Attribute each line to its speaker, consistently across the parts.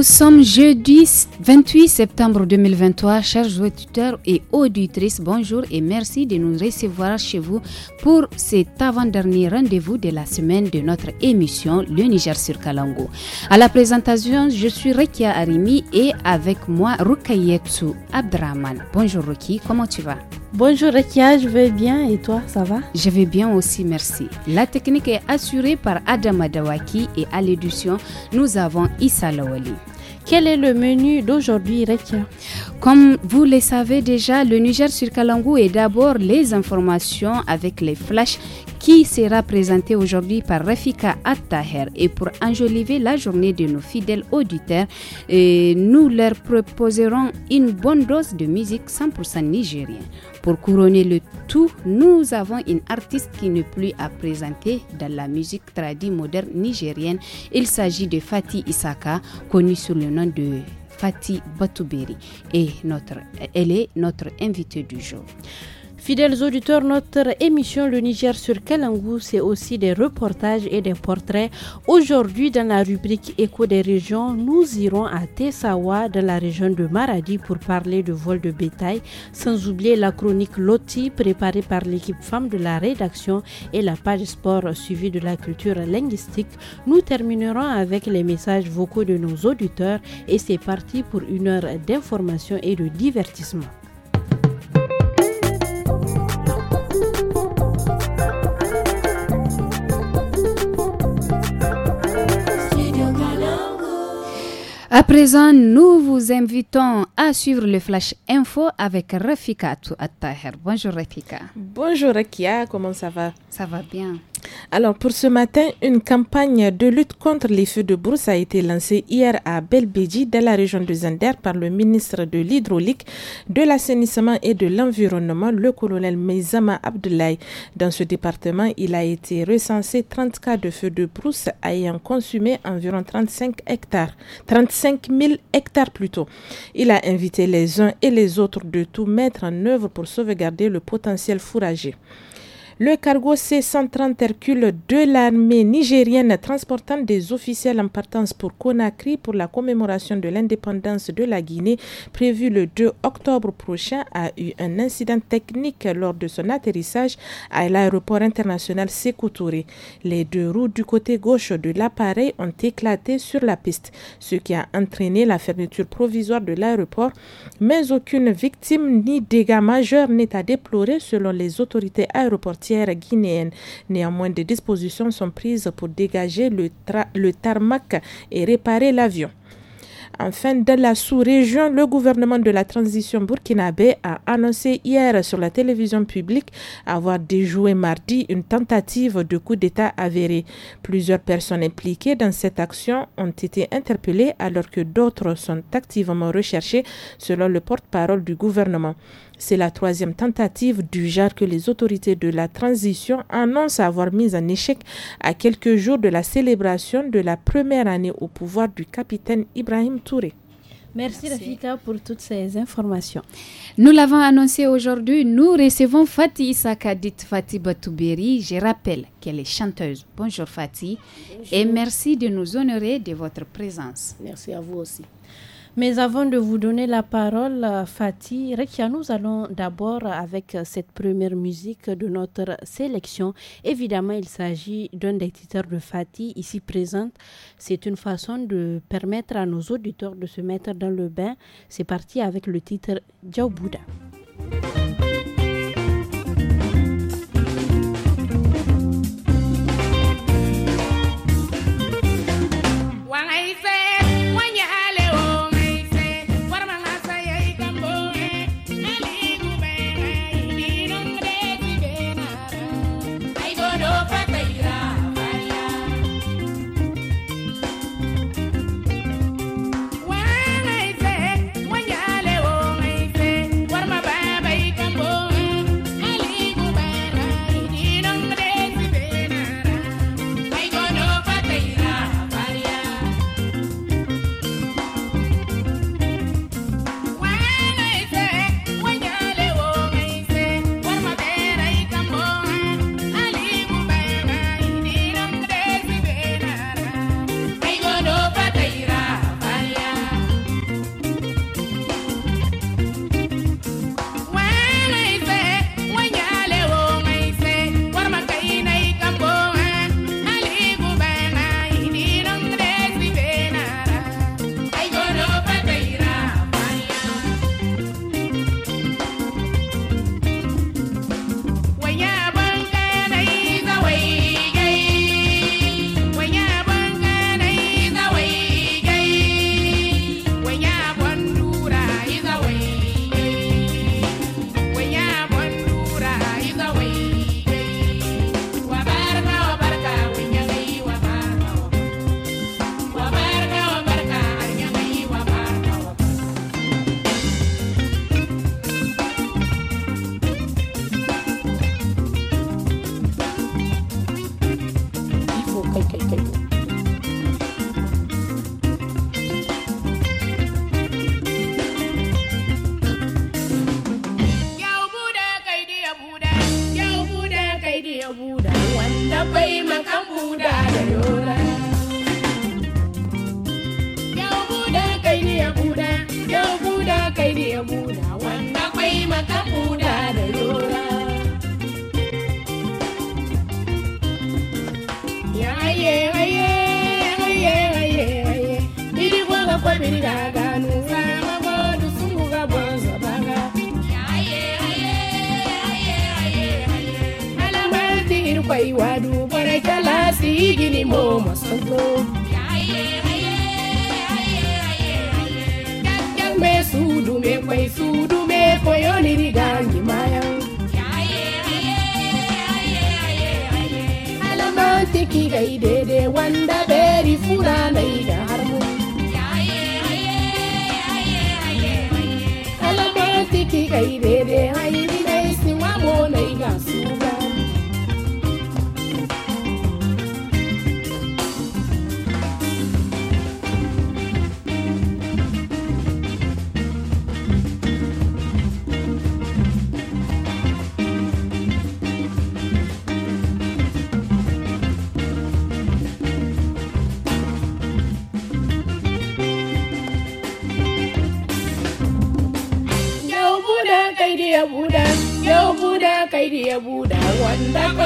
Speaker 1: Nous sommes jeudi 28 septembre 2023, chers auditeurs et auditrices, bonjour et merci de nous recevoir chez vous pour cet avant-dernier rendez-vous de la semaine de notre émission Le Niger sur Kalango. À la présentation, je suis Rekia Arimi et avec moi Rukayetsu Abdraman. Bonjour Ruki, comment tu vas Bonjour Rekia, je vais bien et toi, ça va Je vais bien aussi, merci. La technique est assurée par Adam Adawaki et à l'édition, nous avons Issa Lawali. Quel est le menu d'aujourd'hui, Rekia Comme vous le savez déjà, le Niger sur Kalangou est d'abord les informations avec les flashs qui sera présenté aujourd'hui par Rafika Attaher. Et pour enjoliver la journée de nos fidèles auditeurs, euh, nous leur proposerons une bonne dose de musique 100% nigérienne. Pour couronner le tout, nous avons une artiste qui n'est plus à présenter dans la musique tradie moderne nigérienne. Il s'agit de Fatih Isaka, connue sous le nom de Fatih Batouberi. Et notre, elle est notre invitée du
Speaker 2: jour. Fidèles auditeurs, notre émission Le Niger sur Kalangou, c'est aussi des reportages et des portraits. Aujourd'hui, dans la rubrique Écho des régions, nous irons à Tessawa, dans la région de Maradi, pour parler de vol de bétail, sans oublier la chronique Loti, préparée par l'équipe femme de la rédaction et la page sport suivie de la culture linguistique. Nous terminerons avec les messages vocaux de nos auditeurs et c'est parti pour une heure d'information et de divertissement.
Speaker 1: présent, nous vous invitons à suivre le Flash Info avec Rafika
Speaker 3: Attaher. Bonjour Rafika. Bonjour Rekia, comment ça va Ça va bien. Alors pour ce matin, une campagne de lutte contre les feux de brousse a été lancée hier à Belbéji, dans la région de Zander, par le ministre de l'Hydraulique, de l'Assainissement et de l'Environnement, le colonel Meizama Abdoulaye. Dans ce département, il a été recensé 30 cas de feux de brousse ayant consumé environ 35 hectares. 35 5000 hectares plus Il a invité les uns et les autres de tout mettre en œuvre pour sauvegarder le potentiel fourragé. Le cargo C-130 Hercule de l'armée nigérienne transportant des officiels en partance pour Conakry pour la commémoration de l'indépendance de la Guinée prévue le 2 octobre prochain a eu un incident technique lors de son atterrissage à l'aéroport international Sekou Touré. Les deux roues du côté gauche de l'appareil ont éclaté sur la piste, ce qui a entraîné la fermeture provisoire de l'aéroport, mais aucune victime ni dégâts majeurs n'est à déplorer selon les autorités aéroportières guinéenne. Néanmoins, des dispositions sont prises pour dégager le, le tarmac et réparer l'avion. Enfin, dans la sous-région, le gouvernement de la transition burkinabé a annoncé hier sur la télévision publique avoir déjoué mardi une tentative de coup d'État avérée. Plusieurs personnes impliquées dans cette action ont été interpellées alors que d'autres sont activement recherchées selon le porte-parole du gouvernement. C'est la troisième tentative du genre que les autorités de la transition annoncent avoir mise en échec à quelques jours de la célébration de la première année au pouvoir du capitaine Ibrahim Touré. Merci, Rafika pour toutes
Speaker 1: ces informations. Nous l'avons annoncé aujourd'hui, nous recevons Fatih Sakadit Fatih Batouberi. Je rappelle qu'elle est chanteuse. Bonjour Fatih et merci de nous honorer de votre présence. Merci à vous aussi.
Speaker 2: Mais avant de vous donner la parole, euh, Fatih, Rekia, nous allons d'abord avec euh, cette première musique de notre sélection. Évidemment, il s'agit d'un des titres de Fatih ici présente. C'est une façon de permettre à nos auditeurs de se mettre dans le bain. C'est parti avec le titre Djaou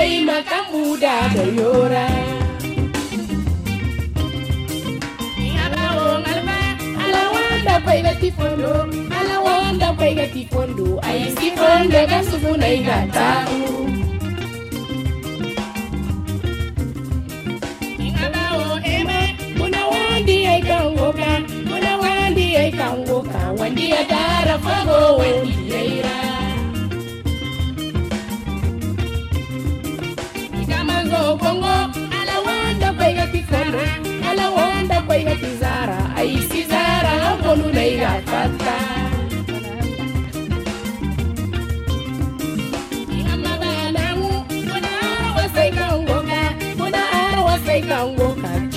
Speaker 4: taimaka muda da yora alawanda alawanda ga tifondo alawanda pai ga tifondo ayi tifondo ga sufuna iga ta'u Wandi ya dara fago wandi kana ala wonda kwa iga tizara ai tizara konu na iga fata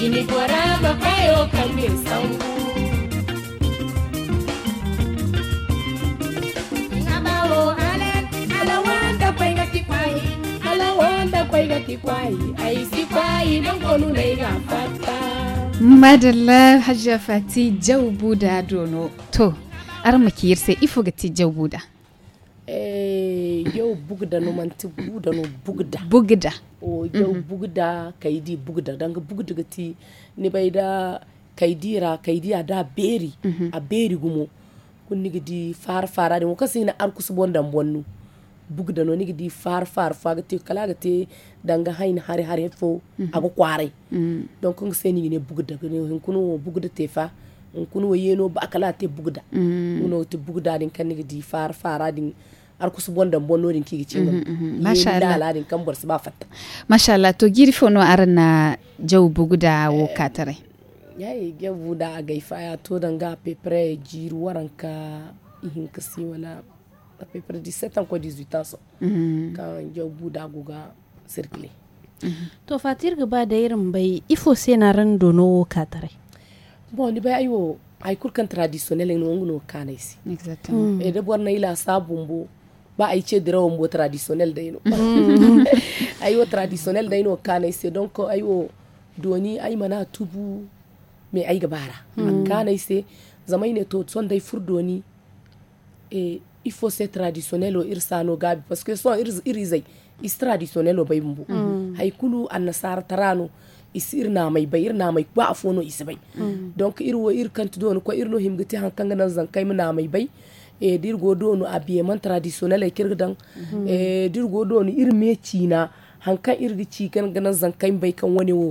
Speaker 4: Ini koramba kayo kambi sangu
Speaker 1: madalla hajja fati jaubu da dono to ar makiyir sai ifo gati jaubu da
Speaker 4: eh,
Speaker 5: yau bugda no manti bugda no bugda bugda o yau mhm. bugda kaidi bugda danga bugda ga ti ni bai da kaidi ra kaidi a da beri mhm. a beri gumo kun nigi di far fara de mo kasi na arkusu kusu bondan bonnu bugda no nigi di far far far aga kala aga te danga hain hari hari fo mhm. ago -hmm. don kun mm -hmm. donc se ni ne bugda ne kunu bugda te fa kunu yeno ba kala te bugda mm uno te bugda din kan nigi di far din ar kusu bondan
Speaker 1: din kigi cinga mm -hmm. masha Allah dala
Speaker 5: din kan borsi ba fatta
Speaker 1: masha Allah to giri fo no arna jaw bugda wo eh, katare
Speaker 5: yayi gebu da ga ifa ya to danga pepre jiru waranka ihin kasi wala à peu près 17 ans, quoi, 18
Speaker 2: ans, mhm.
Speaker 5: quand Yaubu Daguga circulait.
Speaker 2: Mhm. To fatir gaba da irin bai ifo sai na ran dono katare. Bon ni bai ayo ay kulkan
Speaker 5: traditionnel en wongo kana isi. Exactement. Mm. E eh, de borna ila mbo ba ay ce dira wombo traditionnel da ino. Mm. Ayo traditionnel da ino kana isi donko ayo doni ay mana tubu me ay gabara. Mm. Kana isi zamai ne to son dai doni e il faut c'est traditionnel o irsano gabi parce que son irisay is traditionnel o bai bumbu mm. mm. haikulu annasara tarano is irna mai bai irna mai kwa afono is bai donc irwo ir kantu don ko irno himgiti hankanga nan zankai muna mai bay e dir go donu man traditionnel e kirgdan e dir go donu ir irme han kan irgi ci kan ganan zan zankan bai kan wani wo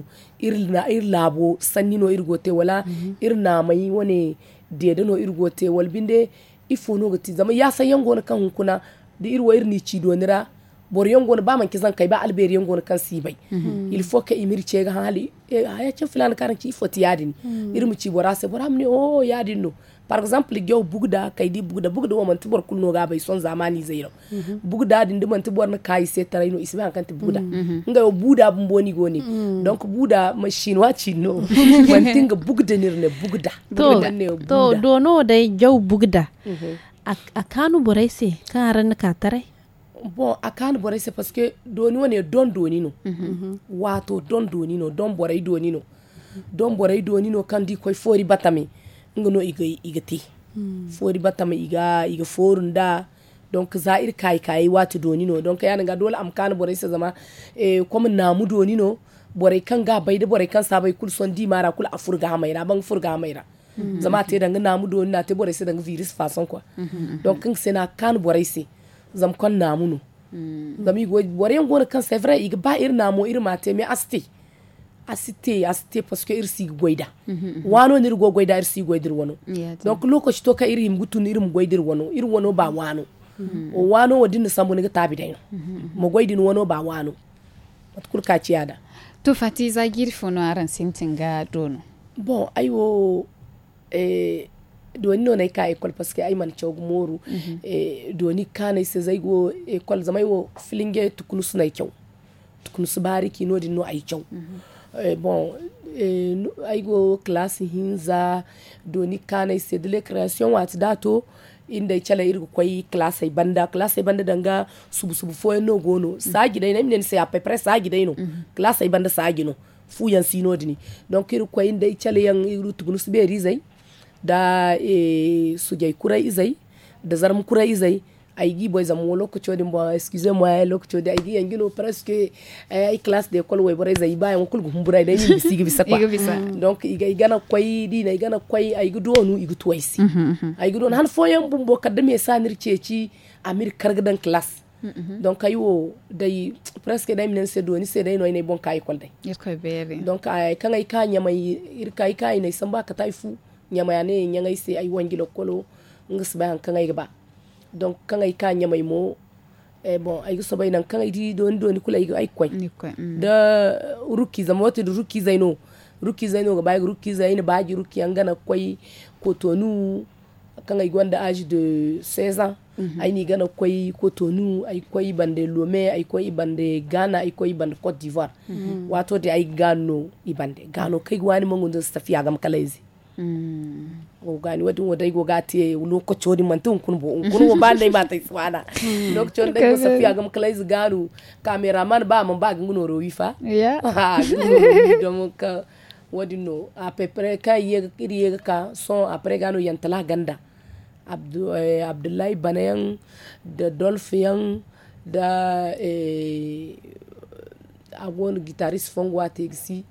Speaker 5: irna ir labo sannino te wala mm-hmm. irna mai wani dedano irgote walbinde ifono ga zama ya san yango na kan hunkuna da irwa irni ci donira bor yango ba man kizan kai ba alberi yango na kan sibai mhm. il faut ka imir ce ga hali eh, ya ce filan karan ifo ti yadin mhm. irmu ci bora se bora mne o oh, yadin no par exemple gyau bugda di bugda bugda wo man tubor kulno ga bai son zamani zairo mm -hmm. bugda din de man tubor na kay se tara ino kan bugda mm -hmm. nga yo buda mboni goni mm. donc buda machine wa no man tinga bugda nirne bugda bugda ne bugda
Speaker 2: to no dai jaw bugda -hmm. a kanu borai se kan ran ka tare
Speaker 5: bon a kan borai se parce que doni woni don doni no mhm. Mhm. wato don doni no don borai doni no don borai doni no kan di koy fori batami nga no iga iga ti fori bata ma iga iga forun da donc za kai kai wati doni no donc yana nga dole am kana borai sa zama eh, ko mun namu doni no borai kan ga bai da borai kan sa bai kul son di mara kul a furga mai ra ban mm-hmm. furga mai ra zama te danga namu doni na te borai sa danga virus fason kwa
Speaker 6: mm-hmm. donc
Speaker 5: kan sai mm-hmm. na kan borai sai zam kan namu no zami go borai ngona kan sai fara iga ba ir namu ir mate me asti asite asite parce que irsi goida
Speaker 7: mm wano
Speaker 5: nir go goyda irsi goidir wano donc lokaci to ka iri himgutun irim goydir wano ir wano ba wano o wano wadin sambu ni tabi dai mm -hmm. mo goidin wano ba wano kul ka ciyada to fati
Speaker 1: za girfo aran
Speaker 5: sintin ga dono bon aiwo eh doni no nay ka école parce que ay man cawgu moru mm eh doni kana se zaygo go école zamay wo filinge tukunu sunay ciow tukunu subari ki no din no ay ciow mm -hmm. bon, aigo klasi hinza doni kana ise de creation wati dato oh, inda chala irgo kwai klasa banda klasa banda danga subu subu fo no gono mm-hmm. sagi dai ni se a peu près sagi dai no klasa mm-hmm. banda sagi no fu yan sino dini donc irgo kwai inda chala yan irgo tugunu sube rizai da e sujai kurai izai da zarm kurai izai aigi eh, mm. mm-hmm, mm-hmm. boy zamo lokacin din ba excuse moi lokacin da aigi yangino presque ay classe de école way boy zai ba yan kulgu humburai ida ni bisi bisa kwa donc iga igana kwai di na igana kwai aigi do nu igu twaisi aigi do han foyan bumbo kadame sanir ceci amir kargadan classe Mm -hmm. donc ayi wo day presque day minen se doni se day noyne bon kay kol day irko beri donc ay kan ay ka nyama ir kay kay ne samba ka tay fu nyama ya ne nyanga se ay wangi kolo oh, ngas ba kan ay ba donc ay ka nyamay mo e bon ay sabay nan ay di don don kula ay koy da ruki zamoti da ruki zaino ruki zaino ga bay ruki zaino baji ruki angana koy kotonu ay gonda age de 16 ans mm -hmm. ay ni gana koy kotonu ay koy bande lome ay koy bande gana ay koy bande cote d'ivoire mm -hmm. wato de ay gano ibande gano kai gwani mangun da safiya gam kalaizi Mm. gani wadin wadai go gati lokaci wani mantu in kunbo in kunbo ba dai ba tai tswana mm. lokaci wani dai musafi a gam kalai zigaru cameraman ba man ba gunguno rowi fa
Speaker 7: ya ha
Speaker 5: gunguno ka wadin no a pepre ka ye iri ka son apre gano yantala ganda Abdu, eh, abdullahi banayan da dolphin da eh, abon guitarist fongwa tegsi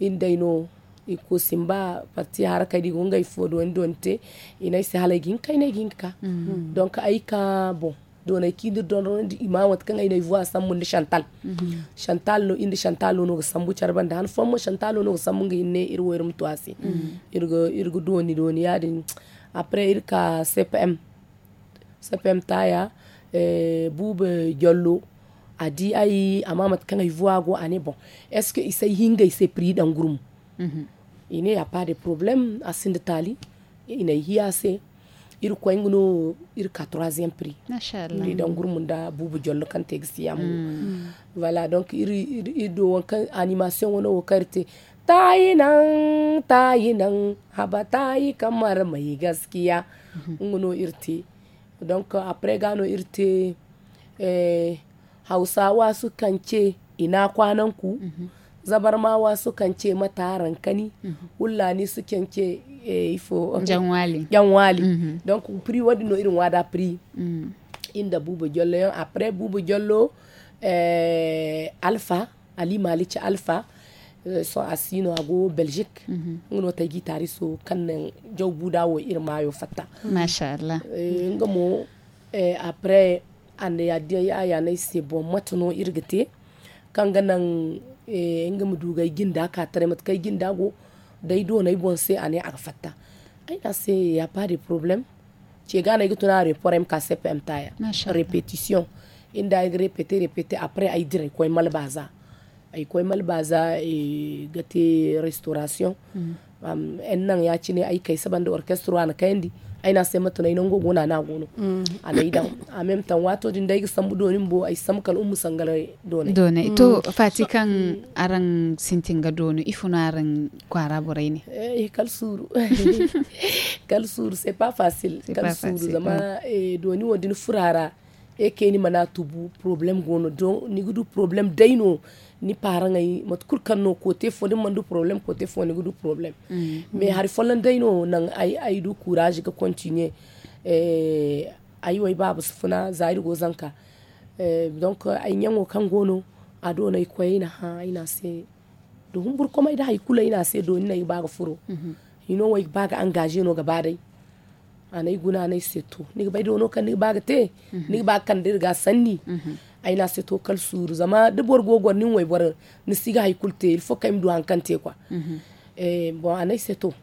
Speaker 5: inda ino ikusimba parti haraka idi gunga ifodo ndonte ina isi hala ginka ina ginka mm -hmm. donc ka bon dona kidir don di ima wat kanga ina ivoa sammu ni chantal mm-hmm. chantal no indi chantal no sambu charbanda han fomo chantal no sambu ngi ne ir irum toasi mm -hmm. irgo irgo doni doni ya yadin après ka cpm cpm taya e bube jollo adi ay amamat kanga voix go ane bon est ce que isai hinga isai pri dan gurum mm -hmm. il n'y a pas de problème à Sindetali. Il est assez. Il y il a troisième prix. Il est dans le groupe de Boubou Diollo quand il Voilà, donc il y a une animation au quartier. tayi nan tayi nan haba tayi kamar mai gaskiya mm-hmm. ngono irte don ka apre gano irte eh, hausawa su kance ina kwananku mm -hmm. zabarmawa sukan ce mata rankani mhm. hulani sukan ce eh, ifo janwali janwali mhm. donc firi wadi no irin wada firi mhm. inda bubu jollo yon après bubu jollo eh, alfa ali malici alpha eh, so asino ago belgique ngono tagi tari so kannan jaw budawo irin mayo fatta mashallah ngamo après ande ya dia ya ya ne se bon matno irgete inga e madugai ginda ka tare kay ginda go dai do nay bon se ane aga fatta ay na se ya pas de problème ci gana yi tuna reporem ka cpm taya répétition inda ay répéter répéter après ay dire koy malbaza ay koy malbaza e gati restauration mm. en nan ya ci ne ay orchestre saban da orchestra na kayandi aina sema gona na gono a tan wato din dai sambu donin bo ai sam kal ummu sangare do ne to
Speaker 1: fati aran sintinga nous. ifuna aran kwara
Speaker 5: eh kal c'est pas facile kal zama furara e keni mana tubu problem gono don nigudu problem ni paranga yi mat kul kan no kote fo ni mandu problem kote fo ni gudu problem
Speaker 6: mm. mais hari
Speaker 5: folan dai no nan ai ai du courage ka continue eh ai wai babu sufuna zairu go zanka eh donc ai nyango kan gono ado na ko na ha ina se do humbur kuma ida ai kula ina se do ni i baga furo mm -hmm. you know wai baga engagé no gaba dai anai guna anai seto ni bai do no kan ni baga te mm -hmm. ni baga kan dirga sanni mm -hmm. aina se to kal sur zama de bor gogo nin wai bor ni siga hay kulte il faut kaim du kanté quoi mm -hmm. eh bon c'est tout.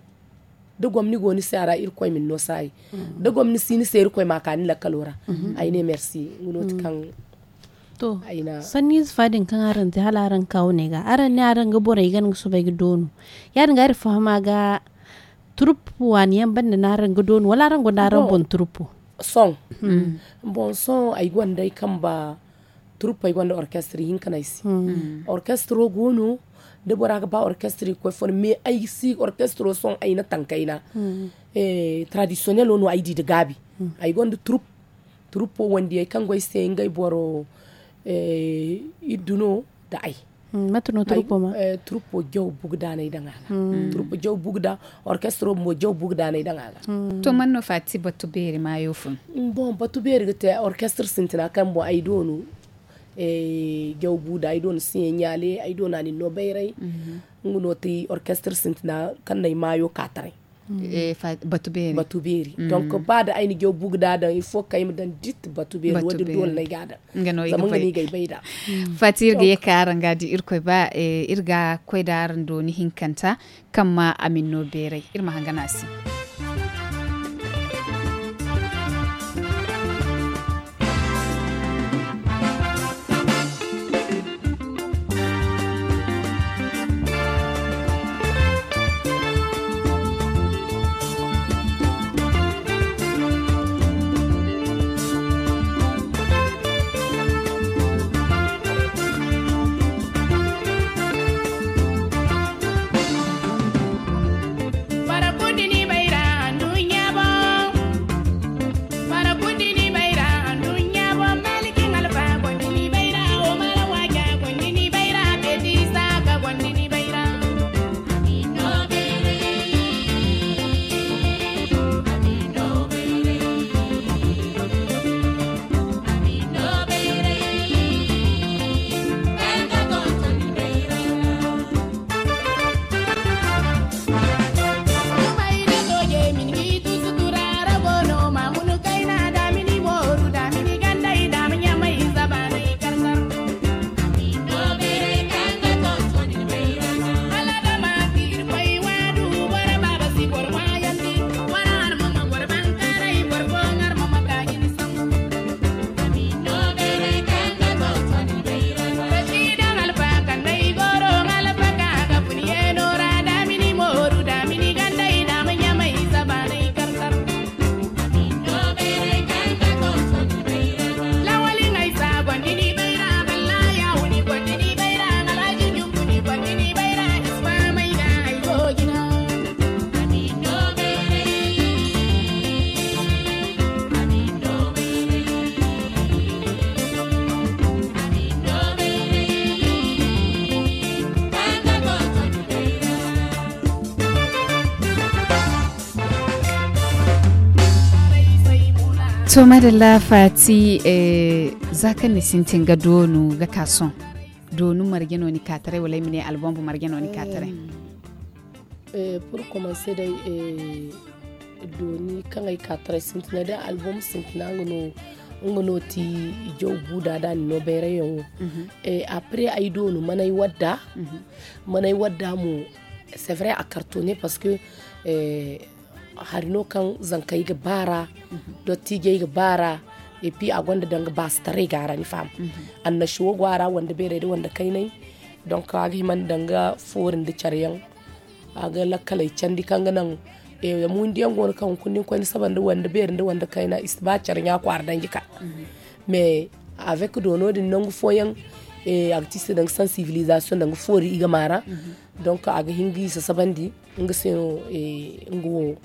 Speaker 5: de gomni goni sara il koy min no sai mm
Speaker 6: -hmm.
Speaker 2: de
Speaker 5: gomni sini ser koy makani la kalora mm aine merci ngunot mhm. kan
Speaker 2: to sanni fadin kan aran ta halaran kawo ga aran ni aran ga bora igan su bai gidonu ya dinga ir fahama ga na aran gidonu wala aran
Speaker 6: gwada bon turupu
Speaker 2: son bon son mhm. ay gwanda kan ba
Speaker 5: troupe wanda orchestra hin kanaisi orchestre hmm. hmm. orchestra gono de bora ba orchestra ko for me ay si orchestra son ai na tankaina mm. eh traditionnel onu ay di gabi mm. ai gonda troupe troupe wanda ai kan se ngay boro eh iduno da ay matuno hmm, troupe ma eh troupe jaw bugda na idanga troupe jaw bugda orchestre mo jaw bugda na idanga to no
Speaker 1: fati batubere ma yofun
Speaker 5: bon batubere te orchestre sintina kan bo dono E, gew buda ay don sin nyale ay don ani no mhm. ngu nguno ti orchestre sintina kan nay mayo katare e, batubiri batubiri mhm. donc bada ay ni gew Buda da il faut kayim dan dit batubiri wadi doon na gada ngano iga ngani Fati
Speaker 1: bayda mhm. fatir ga yakara ngadi irkoy ba e, irga koydaran do ni hinkanta kamma amin no berai irma hanganasi to madalla fati eh, zaka ni sintin ga donu ga kason donu margeno ni katare wala mini album bu margeno ni
Speaker 5: katare eh, eh, pour commencer dai eh, doni kan ai katare sintina da album sintina ngono ngono ti jow buda da no bere yo mhm. eh, après ai donu manai wadda mm manai wadda mu c'est vrai a cartonner parce que eh, har no kan zanka yiga bara dottiga yiga bara e pi a gonda danga bastare garani fam an na mhm. annashuwo gwara wanda bere da wanda kai kainai donc ga himan danga forin da caryan ga lakalai candi kan ganan e mun diyan gon kan kunni ko ni saban da wanda bere da wanda kai na kaina isba carya kwar dangi ka mhm. me avec dono din nangu foyan e artiste dang sans civilisation dang fori igamara mhm. donc a ga hingi sa sabandi ngi seno e ngo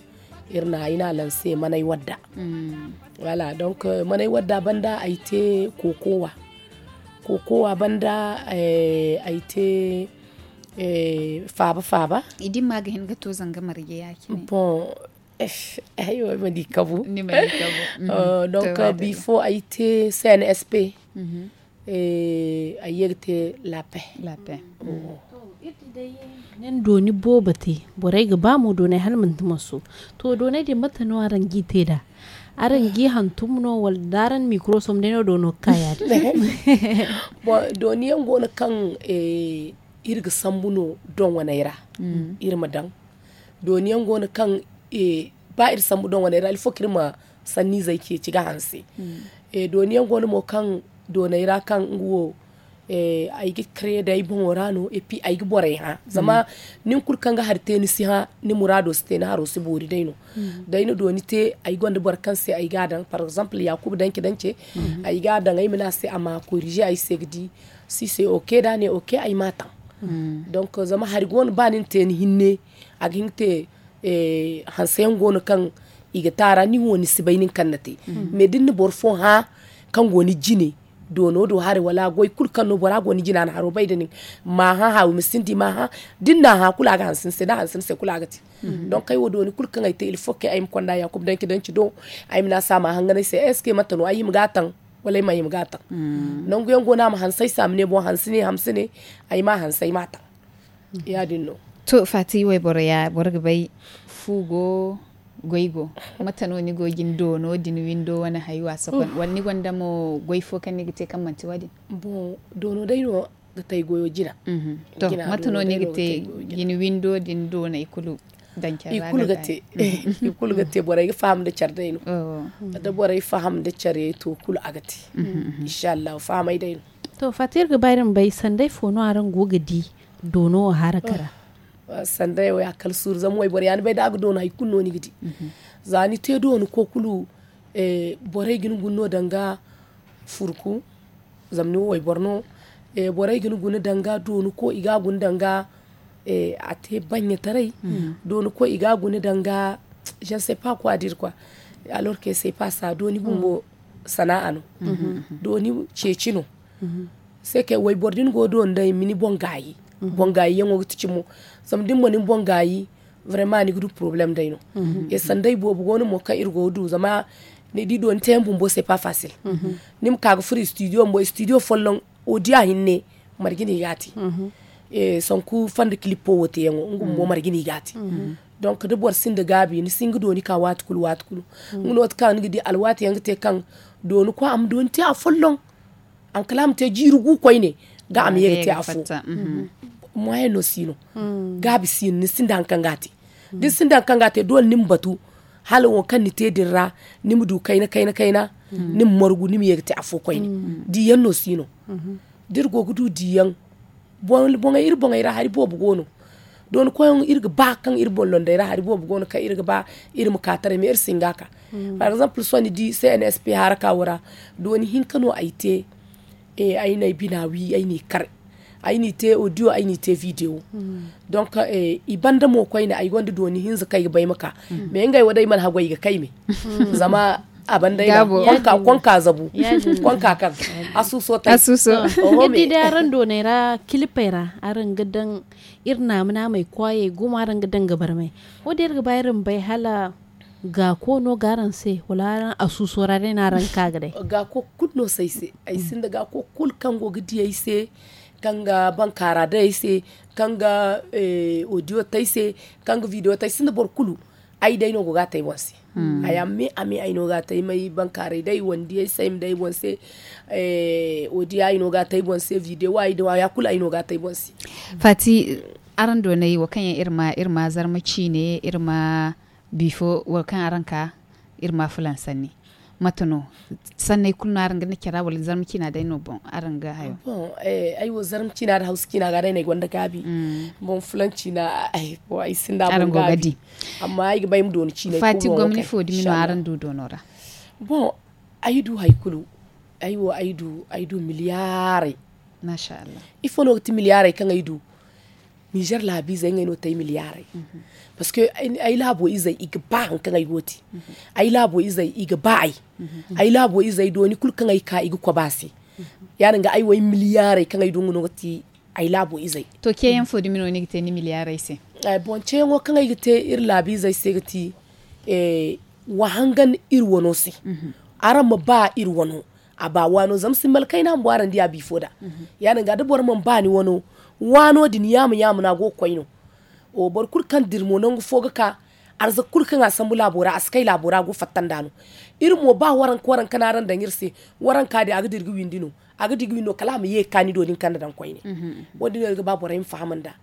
Speaker 5: irna ina lanse manai wadda mm. wala donc eh, manai wadda banda aite kokowa kokowa banda eh, aite eh, faba faba
Speaker 1: idin maga hinga to zanga marge yake bon
Speaker 5: ayo di kabu ni mani kabu mm-hmm. oh, donc before
Speaker 1: aite CNSP mm
Speaker 5: -hmm. eh ayirte la paix la oh.
Speaker 2: nan doni boba te borai ga ba mu donai har mun tuma so to donai da mata no aran gi da aran gi han tum no wal daran microsom de dono kaya
Speaker 5: bo doni yan gona kan eh irga sambuno don wana ira mm. irma dan doni yan gona kan eh ba ir sambu don wana ira alfo kirma sanni zai ke ci ga hansi mm. eh doni yan gona mo kan donai ra kan nguwo eh, aigi kreda ibo morano epi aigi bore ha zama mm. nin kulkanga harte ni si ha ni murado ste na haro si bori daino mm. daino no doni te aigi wanda bor kan se aigi gadan par exemple yakub danke danke mm -hmm. aigi gadan ai mina se ama corriger ai segdi si se ok da ne ok ai mata mm. donc zama har gon banin te ni hinne agin te eh, hansayan gon kan igatara ni woni sibainin kannate mm. medin bor fo ha kan goni jini. dono do hare wala goy kulkan kan no bora goni jina na haro bai ma ha ha mi sindi ma ha dinna ha kula ga hansin se da hansin se kula ga ti mhm. don kai wodo doni kulkan kan ai te il faut que ay mi konda yakub danki ki ci do ay mi na sa ma hangane se ce eh, mata matano ay mi gatan wala mai mi gatan non mhm. go gona ma hansai sam ne bo hansine hamsine ay ma hansai mata mhm. ya dinno
Speaker 1: to fati wai bora ya bora bai fugo goygo matano ni no din window wana mm. wani wanda mo goyfo kan ni gite bo do no da jira mhm. matano ni gite
Speaker 5: din do na ikulu Danke. ikulu gate ikulu gate bora da char da oh. bora agati mhm. mm-hmm. insha Allah
Speaker 2: to fatir ga bay bai sandai no aran gogadi dono harakara oh.
Speaker 5: sanda ya kal sur zam way bor yani bay dag do na ikun no nigidi zani te doni ko kulu e eh, bore gin gunno danga furku ni way borno e bore gin gunno danga doni ko iga gun danga e eh, ate banye tarai doni ko iga gunno danga je ne sais pas quoi dire quoi alors que c'est pas ça do ni bumbo sana'a no mm-hmm. do ni cecino sai ke way bordin go do ndai mini gayi mbongai yengokuti chimo samdimboni mbongai vraiment ani problem daino mhm. esa ndai bo bugoni moka irgo du zama ne dido ntembu mbo se pa facile mhm. nim kag free studio mbo studio follong odia hinne margini yati mhm. e eh, sonku fand clip po wote yengo ngum mbo margini yati donc de bor sinde gabi ni singu doni ka wat kul wat kul ngulo wat kan gidi al wat yang te kan doni ko am don te a follong am kalam te jiru gu koyne ga am yere ti afu moye no sino mm. ga bi sin ni sin dan kangate din sin dan kangate dol nim batu halu wa kan ni te dirra nim du kaina kaina kaina nim mm. morgu nim yege ti afu ni mm. di yan no sino mm-hmm. dir go gudu di yan bon bon ir bon ra hari bo bugono don yon irga ba kan ir bollon ra hari bo bugono ka irga ba ir mu katare me ir singaka Par exemple so ni di CNSP haraka wara don hin kano aite e aine binawi aini kar aini te audio aini te video donc eh, ibanda mo koyne ay gonde doni hinza kai bay maka mm. me ngai wadai man hagoy ga kai me mm. zama abanda ina konka konka zabu konka kan asuso
Speaker 1: ta asuso yadda da ran
Speaker 2: donera kilpera aran gadan irna muna mai kwaye guma ran gadan gabar mai ga gabayrin bai hala ga ko no garan se walaran ne na ran kagre
Speaker 5: ga ko kullo sai se ai sin da ga ko kul kan go gidi ai se kan ga bankara da ai se kan ga eh, audio tai se kan ga video tai sin da bor kulu ai dai no go ga tai wasi hmm. ai amme ami ai no ga tai mai bankare dai wandi ai sai dai wansi eh audio ai no ga tai wansi video ai da ya kula ai no ga tai wansi
Speaker 1: fati aran do nayi wa kan ya irma irma zarmaci ne irma bifo walkan aranka irma fulan sanni matano sannan na aranga na kira wal zarmci na dai no bon aranga hayo
Speaker 5: bon eh ai wo zarmci na da hauski na ga dai ne gwanda kabi mm. bon fulanci na ai bo ai sin da bon gabi amma ai ga bayim don ci ne fati gwamni fo dimi no aran du donora bon ai du haikulu ai wo ai du ai du miliyare masha Allah ifo no ti miliyare kan ai du niger la bi zai ngaino tai miliyare parce que ai labo izai iga ba hankan ai goti ai labo izai iga ba ay ai labo izai doni ka ai ka iga kwa basi yaran ga ay wai miliyare kan ai dungu noti ai labo izai to ke yan fodi mino ne gite ni miliyare se ay eh, bon ce ngo ka ai gite ir labi izai se gati eh wahangan ir wono si aran ma ba ir wono a ba wano zamsin malkai na mbaran dia bifoda yaran ga dabuwar man ba ni wono wano din yamu yamu na go koyno o bar kurkan dirmo nan foga ka arza kurkan asambu labora askai labora go fattan dano irmo ba waran kana ran dan irse waran ka da aga dirgu windino aga dirgu windino kala mu ye kani do mhm, mhm. din kan dan koyne wodi ga ba borayin da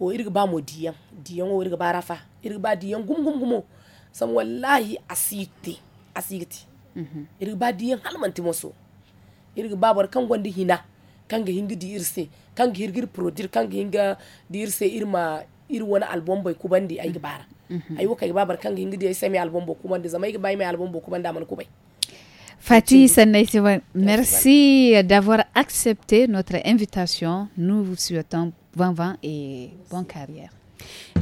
Speaker 5: o irga ba mo diyan diyan o irga ba rafa irga ba diyan gum gum gumo sam wallahi asiti asiti mhm. irga ba diyan halmanti moso irga ba bar kan gondi hina kan ga hindi irse kan ga hirgir produire kan ga dir se irma ir wani album bai kubandi ai gbara mhm. ai wo kai babar kan ga hinga dai album bo kubandi zama ai bai mai album bo kubanda man kubai
Speaker 1: Fatih Sanaïsewan, merci d'avoir accepté notre invitation. Nous vous souhaitons bon vent et bonne carrière.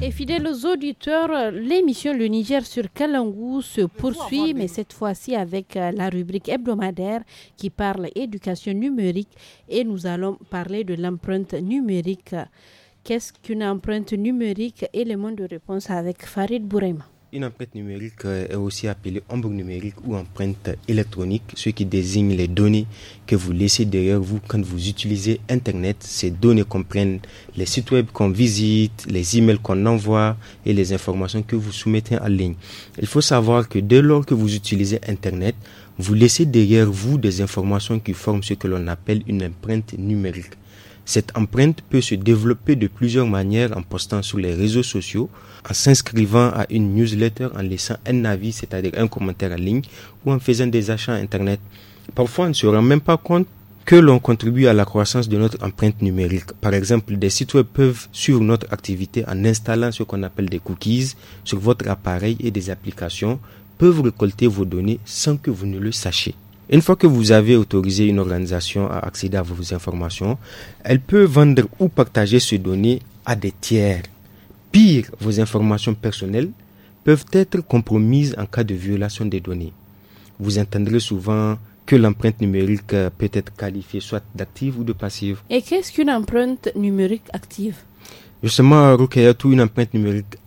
Speaker 2: Et fidèles auditeurs, l'émission Le Niger sur Kalangou se poursuit, mais cette fois-ci avec euh, la rubrique hebdomadaire qui parle éducation numérique et nous allons parler de l'empreinte numérique. Qu'est-ce qu'une empreinte numérique Élément de réponse avec Farid Bourema.
Speaker 8: Une empreinte numérique euh, est aussi appelée ombre numérique ou empreinte électronique, ce qui désigne les données que vous laissez derrière vous quand vous utilisez Internet. Ces données comprennent les sites web qu'on visite, les emails qu'on envoie et les informations que vous soumettez en ligne. Il faut savoir que dès lors que vous utilisez Internet, vous laissez derrière vous des informations qui forment ce que l'on appelle une empreinte numérique. Cette empreinte peut se développer de plusieurs manières en postant sur les réseaux sociaux, en s'inscrivant à une newsletter, en laissant un avis, c'est-à-dire un commentaire en ligne, ou en faisant des achats Internet. Parfois, on ne se rend même pas compte que l'on contribue à la croissance de notre empreinte numérique. Par exemple, des sites web peuvent suivre notre activité en installant ce qu'on appelle des cookies sur votre appareil et des applications peuvent récolter vos données sans que vous ne le sachiez. Une fois que vous avez autorisé une organisation à accéder à vos informations, elle peut vendre ou partager ces données à des tiers. Pire, vos informations personnelles peuvent être compromises en cas de violation des données. Vous entendrez souvent que l'empreinte numérique peut être qualifiée soit d'active ou de passive.
Speaker 2: Et qu'est-ce qu'une empreinte numérique active
Speaker 8: Justement, Rukayatou, une empreinte numérique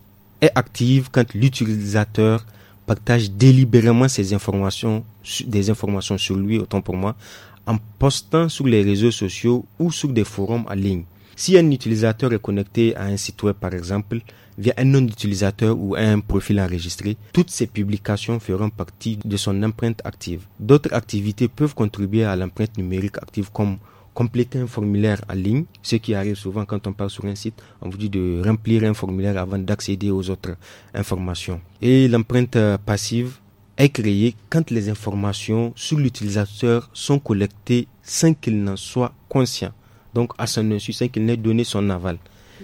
Speaker 8: est active quand l'utilisateur partage délibérément ses informations, des informations sur lui, autant pour moi, en postant sur les réseaux sociaux ou sur des forums en ligne. Si un utilisateur est connecté à un site web, par exemple, via un nom d'utilisateur ou un profil enregistré, toutes ces publications feront partie de son empreinte active. D'autres activités peuvent contribuer à l'empreinte numérique active comme compléter un formulaire en ligne, ce qui arrive souvent quand on parle sur un site, on vous dit de remplir un formulaire avant d'accéder aux autres informations. Et l'empreinte euh, passive est créée quand les informations sur l'utilisateur sont collectées sans qu'il n'en soit conscient donc à son insu c'est qu'il n'ait donné son aval.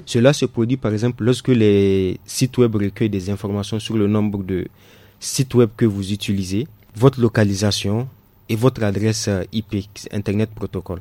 Speaker 8: Cela se produit par exemple lorsque les sites web recueillent des informations sur le nombre de sites web que vous utilisez, votre localisation et votre adresse euh, IP, Internet Protocol.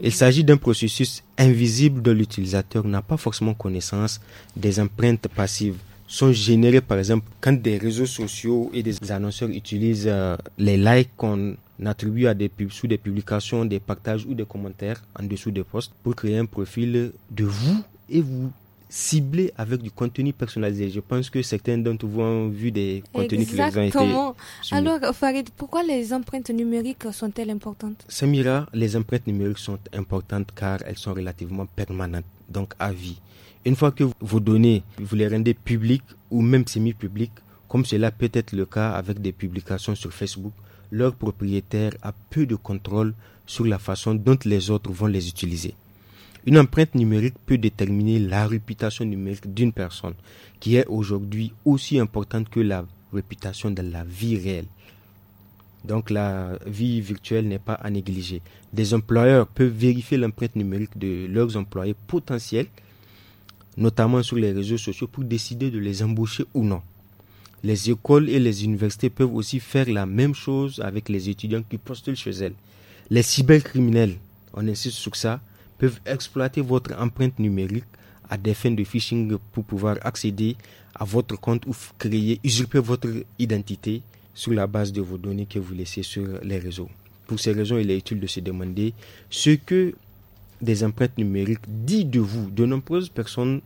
Speaker 8: Il s'agit d'un processus invisible dont l'utilisateur n'a pas forcément connaissance des empreintes passives sont générées par exemple quand des réseaux sociaux et des annonceurs utilisent euh, les likes qu'on ...n'attribue à des pubs, sous des publications, des partages ou des commentaires en dessous des posts pour créer un profil de vous et vous cibler avec du contenu personnalisé. Je pense que certains d'entre vous ont vu des contenus qui ont été. Exactement.
Speaker 1: Alors, Farid, pourquoi les empreintes numériques sont-elles importantes
Speaker 8: Samira, les empreintes numériques sont importantes car elles sont relativement permanentes, donc à vie. Une fois que vos données, vous les rendez publiques ou même semi-publiques, comme cela peut être le cas avec des publications sur Facebook, leur propriétaire a peu de contrôle sur la façon dont les autres vont les utiliser. Une empreinte numérique peut déterminer la réputation numérique d'une personne, qui est aujourd'hui aussi importante que la réputation de la vie réelle. Donc la vie virtuelle n'est pas à négliger. Des employeurs peuvent vérifier l'empreinte numérique de leurs employés potentiels, notamment sur les réseaux sociaux, pour décider de les embaucher ou non. Les écoles et les universités peuvent aussi faire la même chose avec les étudiants qui postulent chez elles. Les cybercriminels, on insiste sur ça, peuvent exploiter votre empreinte numérique à des fins de phishing pour pouvoir accéder à votre compte ou créer, usurper votre identité sur la base de vos données que vous laissez sur les réseaux. Pour ces raisons, il est utile de se demander ce que des empreintes numériques disent de vous. De nombreuses personnes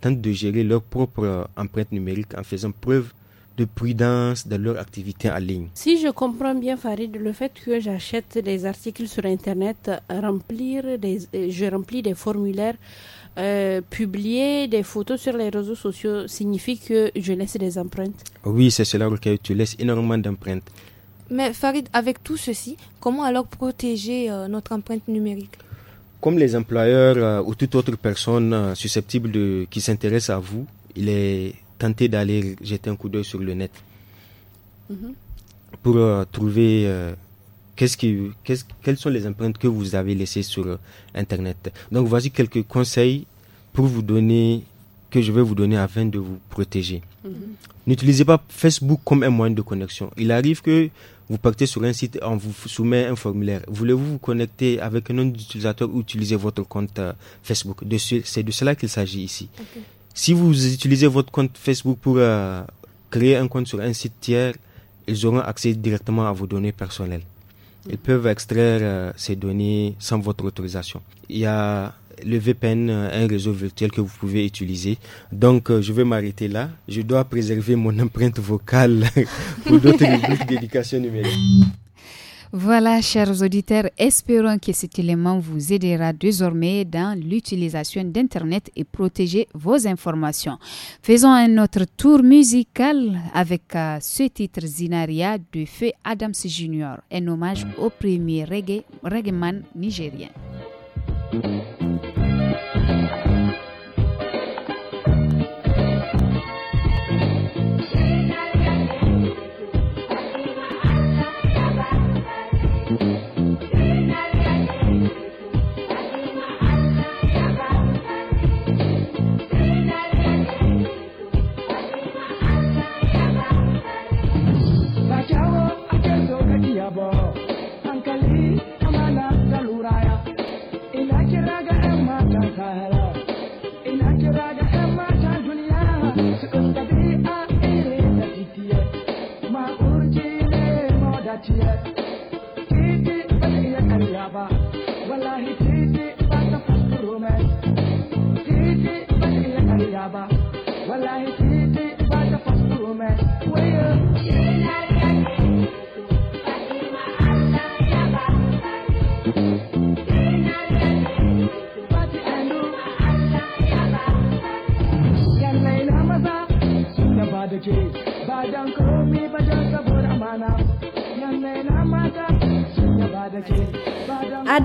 Speaker 8: tentent de gérer leur propre empreinte numérique en faisant preuve de prudence dans leur activité en ligne.
Speaker 2: Si je comprends bien Farid, le fait que j'achète des articles sur Internet, remplir des, euh, je remplis des formulaires, euh, publier des photos sur les réseaux sociaux signifie que je laisse des empreintes.
Speaker 8: Oui, c'est cela lequel tu laisses énormément d'empreintes.
Speaker 1: Mais Farid, avec tout ceci, comment alors protéger euh, notre empreinte numérique
Speaker 8: Comme les employeurs ou toute autre personne susceptible de, qui s'intéresse à vous, il est tenter d'aller jeter un coup d'œil sur le net mhm. pour euh, trouver euh, qu'est-ce qui, quelles sont les empreintes que vous avez laissées sur euh, Internet. Donc voici quelques conseils pour vous donner que je vais vous donner afin de vous protéger. Mhm. N'utilisez pas Facebook comme un moyen de connexion. Il arrive que vous partez sur un site, on vous soumet un formulaire. Voulez-vous vous connecter avec un nom d'utilisateur ou utiliser votre compte Facebook C'est de cela qu'il s'agit ici. Si vous utilisez votre compte Facebook pour euh, créer un compte sur un site tiers, ils auront accès directement à vos données personnelles. Ils peuvent extraire euh, ces données sans votre autorisation. Il y a le VPN, euh, un réseau virtuel que vous pouvez utiliser. Donc, je vais m'arrêter là. Je dois préserver mon empreinte vocale pour d'autres rubriques d'éducation numérique.
Speaker 1: Voilà, chers auditeurs, espérons que cet élément vous aidera désormais dans l'utilisation d'Internet et protéger vos informations. Faisons un autre tour musical avec euh, ce titre Zinaria de Feu Adams Jr., un hommage au premier reggae, reggae man nigérien.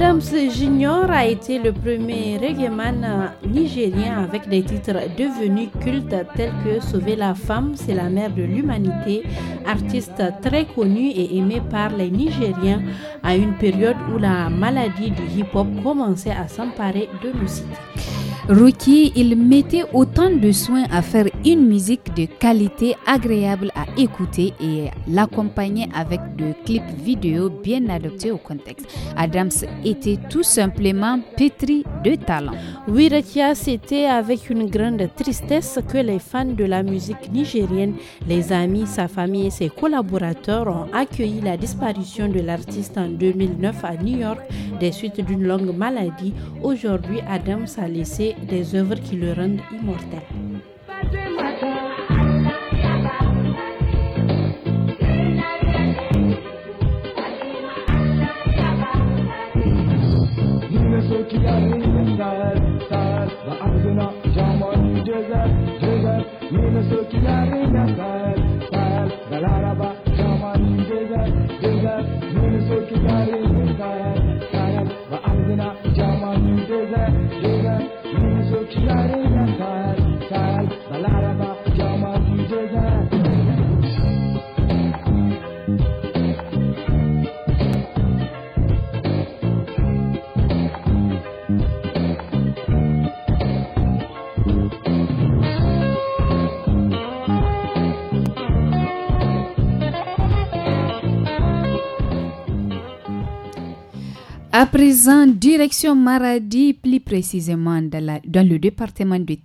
Speaker 2: Adams Junior a été le premier reggaeman nigérien avec des titres devenus cultes tels que Sauver la femme, c'est la mère de l'humanité, artiste très connu et aimé par les Nigériens à une période où la maladie du hip-hop commençait à s'emparer de nos
Speaker 1: Rookie il mettait autant de soins à faire une musique de qualité agréable à écouter et l'accompagnait avec des clips vidéo bien adaptés au contexte. Adams était tout simplement pétri de talent. Oui, Rekia, c'était avec une grande tristesse
Speaker 2: que les fans de la musique nigérienne, les amis, sa famille et ses collaborateurs ont accueilli la disparition de l'artiste en 2009 à New York des suites d'une longue maladie. Aujourd'hui, Adams a laissé des œuvres qui le rendent immortel.
Speaker 1: En direction Maradi, plus précisément dans, le département de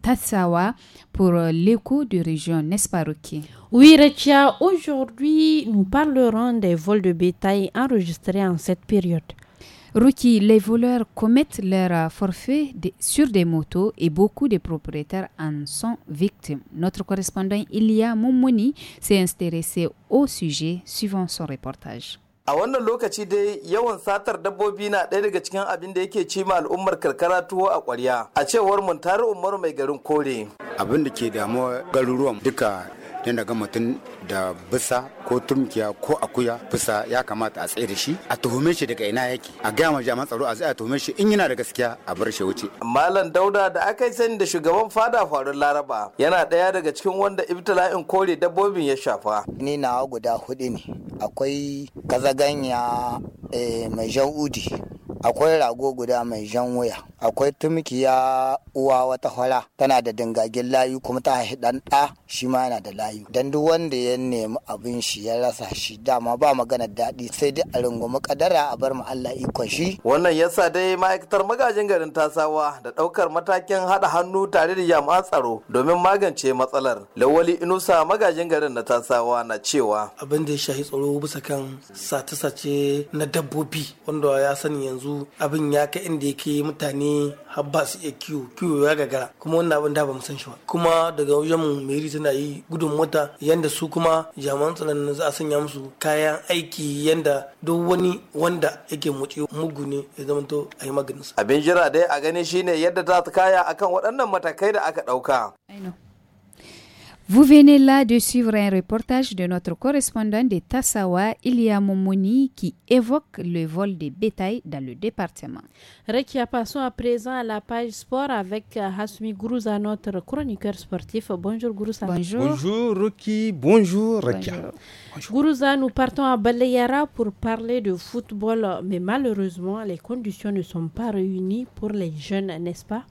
Speaker 1: Tatsawa pour euh, l'écho de région, n'est-ce pas Ruki? Oui Retia. aujourd'hui nous parlerons des vols de bétail enregistrés en cette période. Ruki, les voleurs commettent leur euh, forfait sur des motos et beaucoup de propriétaires en sont victimes. Notre correspondant Ilia Momoni s'est intéressé au sujet suivant son reportage.
Speaker 9: a wannan lokaci dai yawan satar dabbobi na ɗaya daga cikin abin da yake cima al'ummar karkara tuwo a ƙwarya a cewar muntari umar mai garin kore abin da ke damuwa garuruwan duka yadda ga mutum da bisa ko tumkiya ko akuya bisa ya kamata a tsaye da shi a tuhume shi daga ina yake a gaya ma jami'an tsaro a zai a tuhume shi in yana da gaskiya a bar shi wuce.
Speaker 10: malam dauda da
Speaker 9: aka sani da shugaban fada farin laraba yana daya daga cikin wanda ibtila'in kore dabbobin ya shafa.
Speaker 10: ni na guda hudu ne akwai kazaganya eh, mai jan udi akwai rago guda mai jan waya akwai tumkiya uwa wata hwara tana da dingagin layu kuma ta haɗa ɗa shi ma yana da layu rayu dan duk wanda ya nemi abin shi ya rasa shi dama ba magana daɗi sai dai a rungumi kadara a bar mu Allah ikon shi
Speaker 9: wannan yasa dai ma'aikatar magajin garin tasawa da ɗaukar matakin haɗa hannu tare da jami'an tsaro domin magance matsalar lawali inusa magajin garin na tasawa na cewa
Speaker 10: abin da ya shahi tsaro bisa kan sace-sace na dabbobi wanda ya sani yanzu abin ya kai inda yake mutane har ba su iya kiwo kiwo ya gagara kuma wannan abin da ba mu san shi ba kuma daga wajen mu meri tana yi gudun wata yanda su kuma jami'an tsaron za a sanya musu kayan aiki yanda duk wani wanda yake mutsi mugu ne ya zamanto a yi maganinsa.
Speaker 9: Abin jira dai a gani shine yadda za ta kaya akan waɗannan matakai da aka ɗauka.
Speaker 1: Vous venez là de suivre un reportage de notre correspondant de Tassawa, Ilia Momoni, qui évoque le vol des bétail dans le département.
Speaker 2: Rekia, passons à présent à la page sport avec euh, Hasmi Gourouza, notre chroniqueur sportif. Bonjour Gourouza. Bonjour.
Speaker 9: Bonjour Ruki, bonjour Rekia.
Speaker 2: Gourouza, nous partons à Balayara pour parler de football, mais malheureusement, les conditions ne sont pas réunies pour les jeunes, n'est-ce pas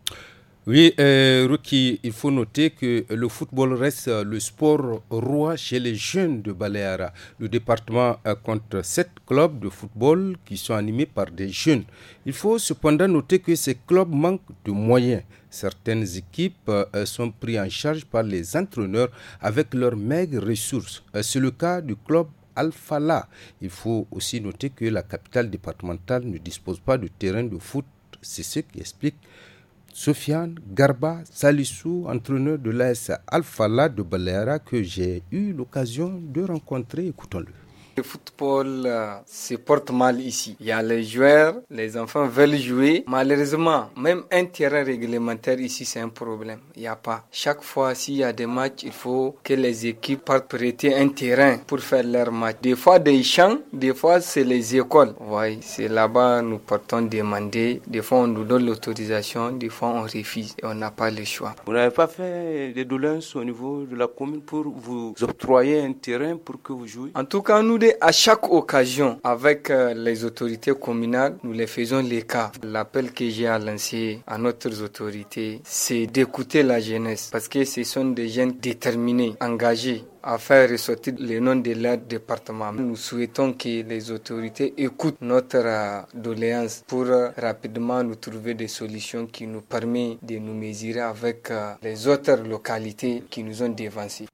Speaker 9: oui, euh, il faut noter que le football reste le sport roi chez les jeunes de Baleara. Le département compte sept clubs de football qui sont animés par des jeunes. Il faut cependant noter que ces clubs manquent de moyens. Certaines équipes euh, sont prises en charge par les entraîneurs avec leurs maigres ressources. Euh, c'est le cas du club Alphala. Il faut aussi noter que la capitale départementale ne dispose pas de terrain de foot. C'est ce qui explique Sofiane Garba Salissou, entraîneur de l'AS La de Baleara, que j'ai eu l'occasion de rencontrer. Écoutons-le.
Speaker 10: Le football euh, se porte mal ici. Il y a les joueurs, les enfants veulent jouer. Malheureusement, même un terrain réglementaire ici, c'est un problème. Il n'y a pas. Chaque fois, s'il y a des matchs, il faut que les équipes partent prêter un terrain pour faire leurs matchs. Des fois, des champs, des fois, c'est les écoles. Oui, c'est là-bas, nous partons demander. Des fois, on nous donne l'autorisation, des fois, on refuse et on n'a pas le choix.
Speaker 9: Vous n'avez pas fait des doléances au niveau de la commune pour vous octroyer un terrain pour que vous jouiez
Speaker 10: En tout cas, nous, à chaque occasion, avec euh, les autorités communales, nous les faisons les cas. L'appel que j'ai à lancer à notre autorité, c'est d'écouter la jeunesse, parce que ce sont des jeunes déterminés, engagés, à faire ressortir le nom de leur département. Nous souhaitons que les autorités écoutent notre euh, doléance pour euh, rapidement nous trouver des solutions qui nous permettent de nous mesurer avec les autres localités qui nous ont dévancés.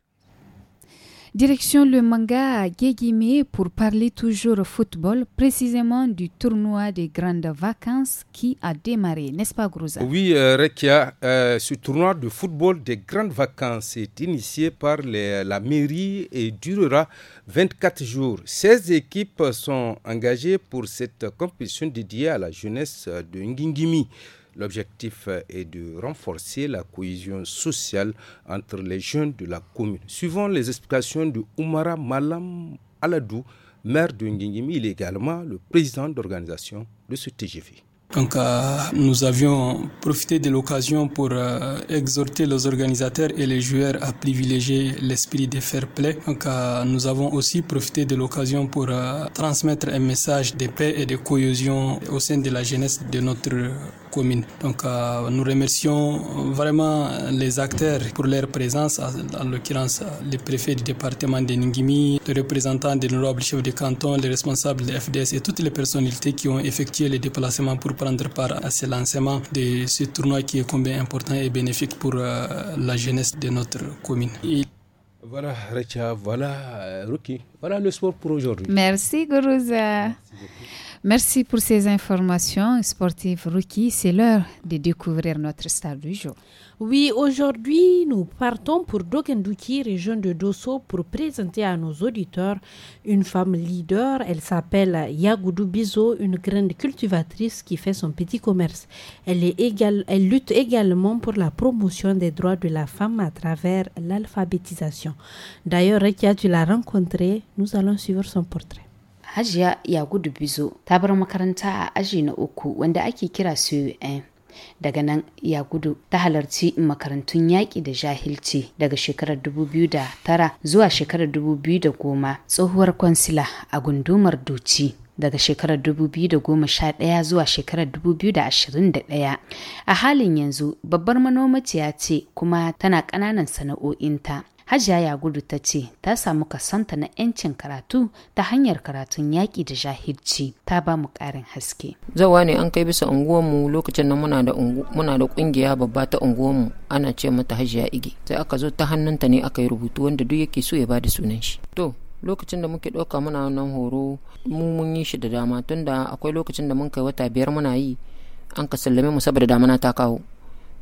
Speaker 1: Direction le manga à Guéguimé pour parler toujours football, précisément du tournoi des grandes vacances qui a démarré, n'est-ce pas Grouza
Speaker 9: Oui, euh, Rekia, euh, ce tournoi de football des grandes vacances est initié par la mairie et durera 24 jours. 16 équipes sont engagées pour cette compétition dédiée à la jeunesse de Ngingimi. L'objectif est de renforcer la cohésion sociale entre les jeunes de la commune. Suivant les explications de Oumara Malam Aladou, maire de Ngingimi, il est également le président d'organisation de ce TGV.
Speaker 10: Donc, euh, nous avions profité de l'occasion pour euh, exhorter les organisateurs et les joueurs à privilégier l'esprit de fair play. Donc, euh, nous avons aussi profité de l'occasion pour transmettre un message de paix et de cohésion au sein de la jeunesse de notre commune. Donc euh, nous remercions vraiment les acteurs pour leur présence, en l'occurrence euh, les préfets du département de Ningimi, les représentants des nobles chefs de canton, les responsables de FDS et toutes les personnalités qui ont effectué les déplacements pour prendre part à ce lancement de ce tournoi qui est combien important et bénéfique pour euh, la jeunesse de notre commune.
Speaker 9: voilà, Recha, voilà, Ruki. Voilà le sport
Speaker 11: pour aujourd'hui.
Speaker 1: Merci, Gourouza. Merci pour ces informations sportives, rookie. C'est l'heure de découvrir notre star du jour. Oui, aujourd'hui, nous
Speaker 2: partons pour Dogenduki, région de Dosso, pour présenter à nos auditeurs une femme leader. Elle s'appelle Yagoudou Bizo, une grande cultivatrice qui fait son petit commerce. Elle, elle lutte également pour la promotion des droits de la femme à travers l'alphabétisation. D'ailleurs, Rekia, tu l'as rencontrée. Nous allons suivre son portrait.
Speaker 1: Hajiya Yagudu Bizo ta bar makaranta a aji na uku wanda ake kira CUN. Daga nan Yagudu ta halarci makarantun yaƙi da jahilci daga shekarar 2009 zuwa shekarar 2010 tsohuwar kwansila a gundumar Doci. daga shekarar 2011 zuwa shekarar 2021 a halin yanzu babbar manomaciya ce kuma tana ƙananan sana'o'inta Hajiya ya gudu ta ce ta samu kasanta na 'yancin karatu ta hanyar karatun yaƙi da jahilci ta ba mu ƙarin haske.
Speaker 12: Zawa ne an kai bisa unguwarmu lokacin da muna da ƙungiya babba ta unguwarmu ana ce mata Hajiya Ige. Sai aka zo ta hannunta ne aka yi rubutu wanda duk yake so ya ba da sunan shi. To lokacin da muke ɗauka muna nan horo mu mun yi shi da dama tunda akwai lokacin da mun kai wata biyar muna yi an ka sallame mu saboda damana ta kawo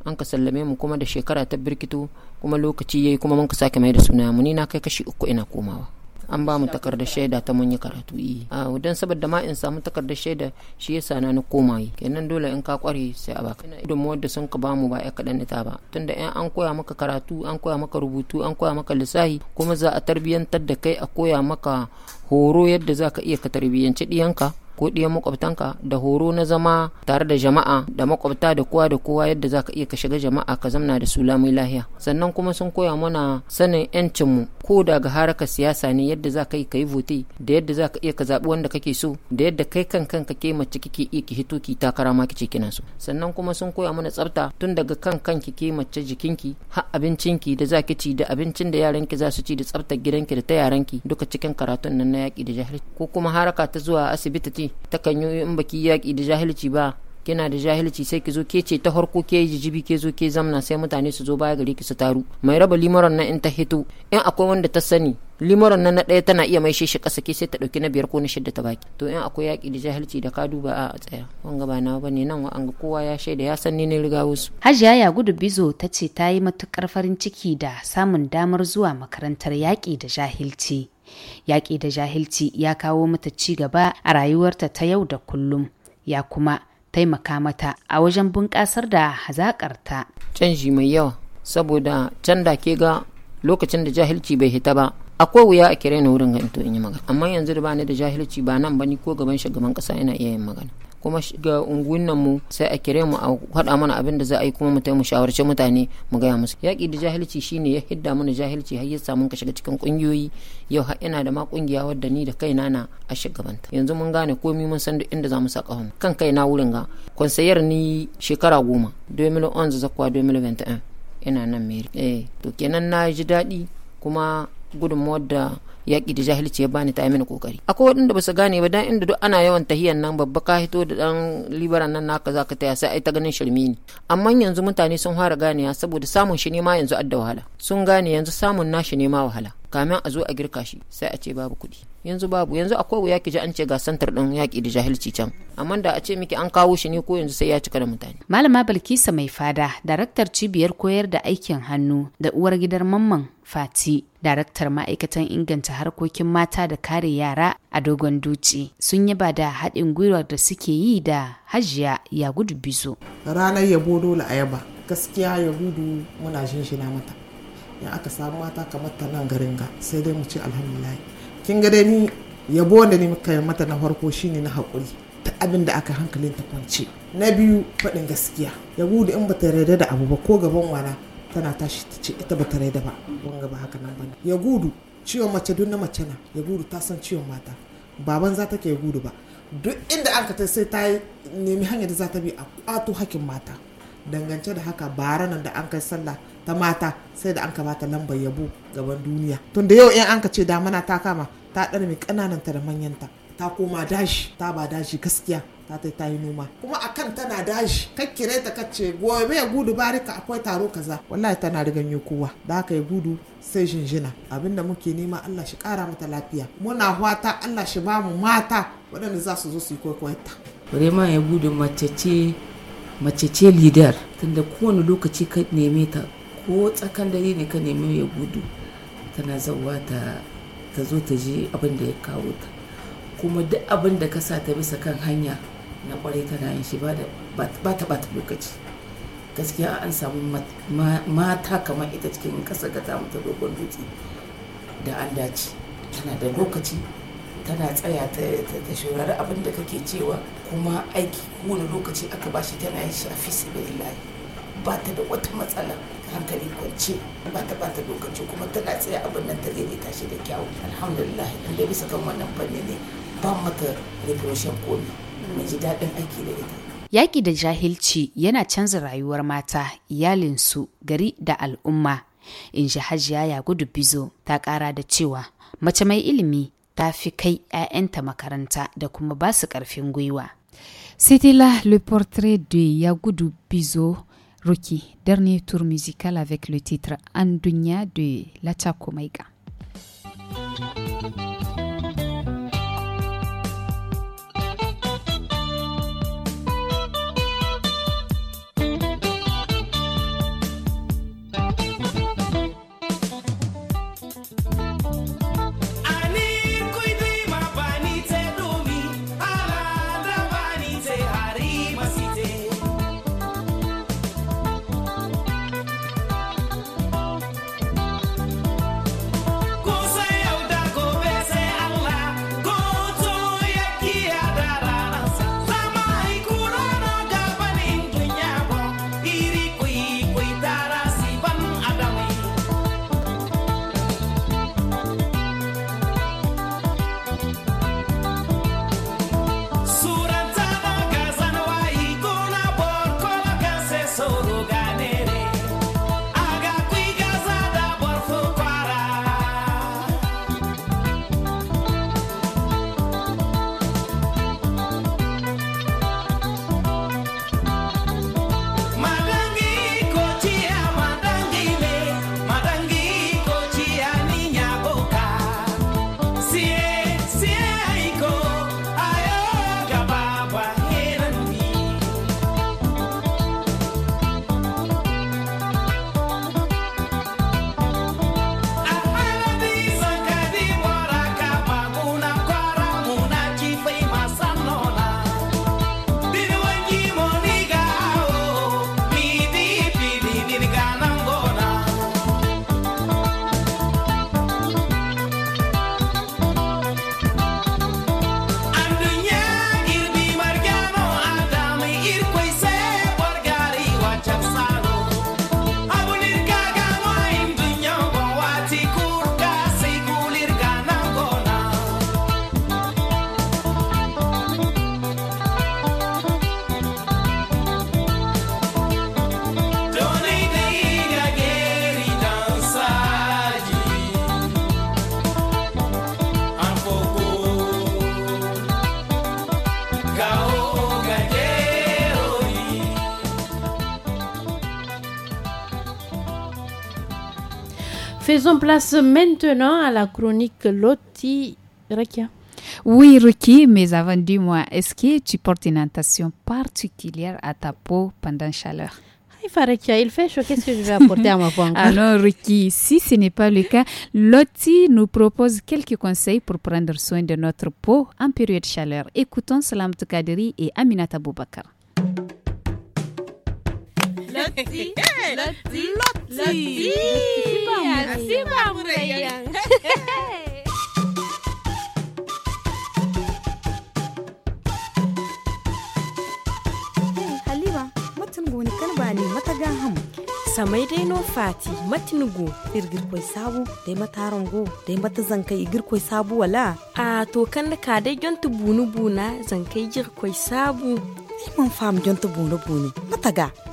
Speaker 12: an ka sallame mu kuma da shekara ta birkito kuma lokaci yayi kuma mun ka sake mai da suna mu ni na kai kashi uku ina komawa an ba mu takardar shaida ta mun yi karatu yi a wadan saboda ma in samu takardar shaida shi yasa na na koma yi kenan dole in ka kware sai a baka gudunmuwar da sun ka ba mu ba ya kaɗan ta ba tunda in an koya maka karatu an koya maka rubutu an koya maka lissahi kuma za a tarbiyantar da kai a koya maka horo yadda za ka iya ka tarbiyyanci ɗiyanka ko ɗaya makwabtanka da horo na zama tare da jama'a da makwabta da kowa da kowa yadda za ka iya ka shiga jama'a ka zamna da su lamai lahiya sannan kuma sun koya mana sanin yancinmu ko daga harkar siyasa ne yadda za ka yi ka yi vote da yadda za ka iya ka zaɓi wanda kake so da yadda kai kan kanka ke mace kike iya ki hito ki takara ma kice kina so sannan kuma sun koya mana tsafta tun daga kan kanki ke mace jikinki har abincinki da za ki ci da abincin da yaranki za su ci da tsaftar gidanki da ta yaranki duka cikin karatun nan na yaƙi da jahilci ko kuma haraka ta zuwa asibiti takan yi in baki yaƙi da jahilci ba kina da jahilci sai ki zo ke ce ta harko ke jijibi ke zo ke zamna sai mutane su zo baya gare ki su taru mai raba limaron nan in ta hito in akwai wanda ta sani limaron nan na ɗaya tana iya mai shi ƙasa ke sai ta ɗauki na biyar ko na shidda ta baki to in akwai yaƙi da jahilci da ka duba a tsaya wanga ba nawa bane nan wa kowa ya shaida ya san ni ne riga wasu
Speaker 1: hajiya ya gudu bizo ta ce ta yi matukar farin ciki da samun damar zuwa makarantar yaƙi da jahilci yaƙi da jahilci ya kawo mata ci gaba a rayuwarta ta yau da kullum ya kuma taimaka
Speaker 12: mata a wajen bunƙasar da hazaƙarta. canji mai yawa saboda can da ke ga lokacin da jahilci bai hita ba akwai wuya a kire ni wurin in to in yi magana amma yanzu da ba ni da jahilci ba nan ba ni ko gaban shugaban ƙasa yana iya yin magana kuma ga unguwan mu sai a kire mu a faɗa mana abin da za a yi kuma mu mu shawarce mutane mu gaya musu yaƙi da jahilci shine ya hidda mana jahilci har ya samu ka shiga cikin ƙungiyoyi yau har ina da ma ƙungiya wadda ni da kaina na a shugabanta yanzu mun gane komai mun san duk inda za mu sa ƙahon kan kai na wurin ga konsayar ni shekara goma 2011 zakwa 2021 ina nan meri eh to kenan na ji daɗi kuma gudunmuwar da yaƙi da jahilci ya bani ta yi mini kokari akwai waɗanda ba su gane ba dan inda duk ana yawan tahiyan nan babba ka hito da dan libaran nan naka zaka taya sai ai ta ganin shirmi ne amma yanzu mutane sun fara ganewa saboda samun shi ne ma yanzu adda wahala sun gane yanzu samun nashi ne ma wahala kamin a zo a girka shi sai a ce babu kuɗi yanzu babu yanzu akwai wuya ki ji an ce ga santar ɗin yaƙi da jahilci can amma da a ce miki an kawo shi ne ko yanzu sai ya cika da mutane malama balkisa mai fada daraktar cibiyar koyar da aikin hannu da
Speaker 1: uwar gidar mamman fati daraktar ma'aikatan inganta harkokin mata da kare yara a dogon duci sun yaba da haɗin gwiwar da suke yi da hajiya ya
Speaker 13: gudu bizo ranar yabo dole a yaba gaskiya ya gudu muna shinshina mata in aka samu mata kamar ta nan garin ga sai dai mu ce alhamdulillah kin ga dai ni yabo da ni kai mata na farko shine na hakuri. ta abin da aka hankalin ta kwance na biyu faɗin gaskiya yabo da in bata yarda da abu ba ko gaban wala tana tashi ta ce ita bata yarda ba wanga ba haka nan bane ya gudu ciwon mace duk na mace na ya gudu ta san ciwon mata baban za ta ke gudu ba duk inda aka ta sai ta nemi hanyar da za ta bi a kwato hakkin mata dangance da haka bara nan da an kai sallah ta mata sai da an ka bata lambar yabo gaban duniya tun da yau in an ka ce damana ta kama ta ƙananan ta da manyanta ta koma dashi ta ba dashi gaskiya ta ta ta yi noma kuma a kan tana dashi kakkire ta kace gobe ya gudu barika akwai taro kaza wallahi tana rigan yi kowa da haka ya gudu sai jinjina abinda muke nema Allah shi kara mata lafiya muna hwata Allah shi ba mu mata waɗanda za su zo su yi ta.
Speaker 5: Rema ya gudu mace ce mace ce leader tunda kowane lokaci ka neme ta
Speaker 13: ko tsakan dare
Speaker 5: ne ka neme ya gudu tana zauwa ta ta zo ta je abin da ya kawo ta kuma duk abin da ka sa ta bisa kan hanya na kwarai tana yin shi ba ta bata lokaci gaskiya an samu mata kamar ita cikin kasa ga ta dogon dutse da an dace tana da lokaci tana tsaya ta shurari abin da kake cewa kuma aiki kowane lokaci aka ba
Speaker 13: shi tana yin shafi sabilillahi ba ta da wata matsala hankali kwance ba ta bata lokaci kuma tana tsaya abin nan ta ta shi da kyau alhamdulillah inda bisa kan wannan fanni ne ba mata repression komi mai ji daɗin aiki da ita
Speaker 1: Yaƙi da jahilci yana canza rayuwar mata, iyalinsu, gari da al'umma. In ji Hajiya Yagudu Bizo ta ƙara da cewa mace mai ilimi C'était là le portrait de Yagudu Bizo Ruki, dernier tour musical avec le titre Andunya de La
Speaker 2: faisons place maintenant à la chronique Loti Rekia.
Speaker 1: Oui, Ruki, mais avant, dis-moi, est-ce que tu portes une attention particulière à ta peau pendant la chaleur
Speaker 2: il fait chaud, qu'est-ce que je vais apporter à ma peau
Speaker 1: Alors, Ruki, si ce n'est pas le cas, Loti nous propose quelques conseils pour prendre soin de notre peau en période de chaleur. Écoutons Salam Tukadiri et Aminata Boubacar.
Speaker 3: Lotsi. Lotsi. Lotsi. Lotsi. Lotsi.
Speaker 14: ne samai dai no fati matinugo irgir koi sabu dai mata dai mata zankai igir koi sabu wala a to
Speaker 15: kan da ka dai jonta bunu buna zankai jir koi sabu ni mun fam jonta bunu buni mataga.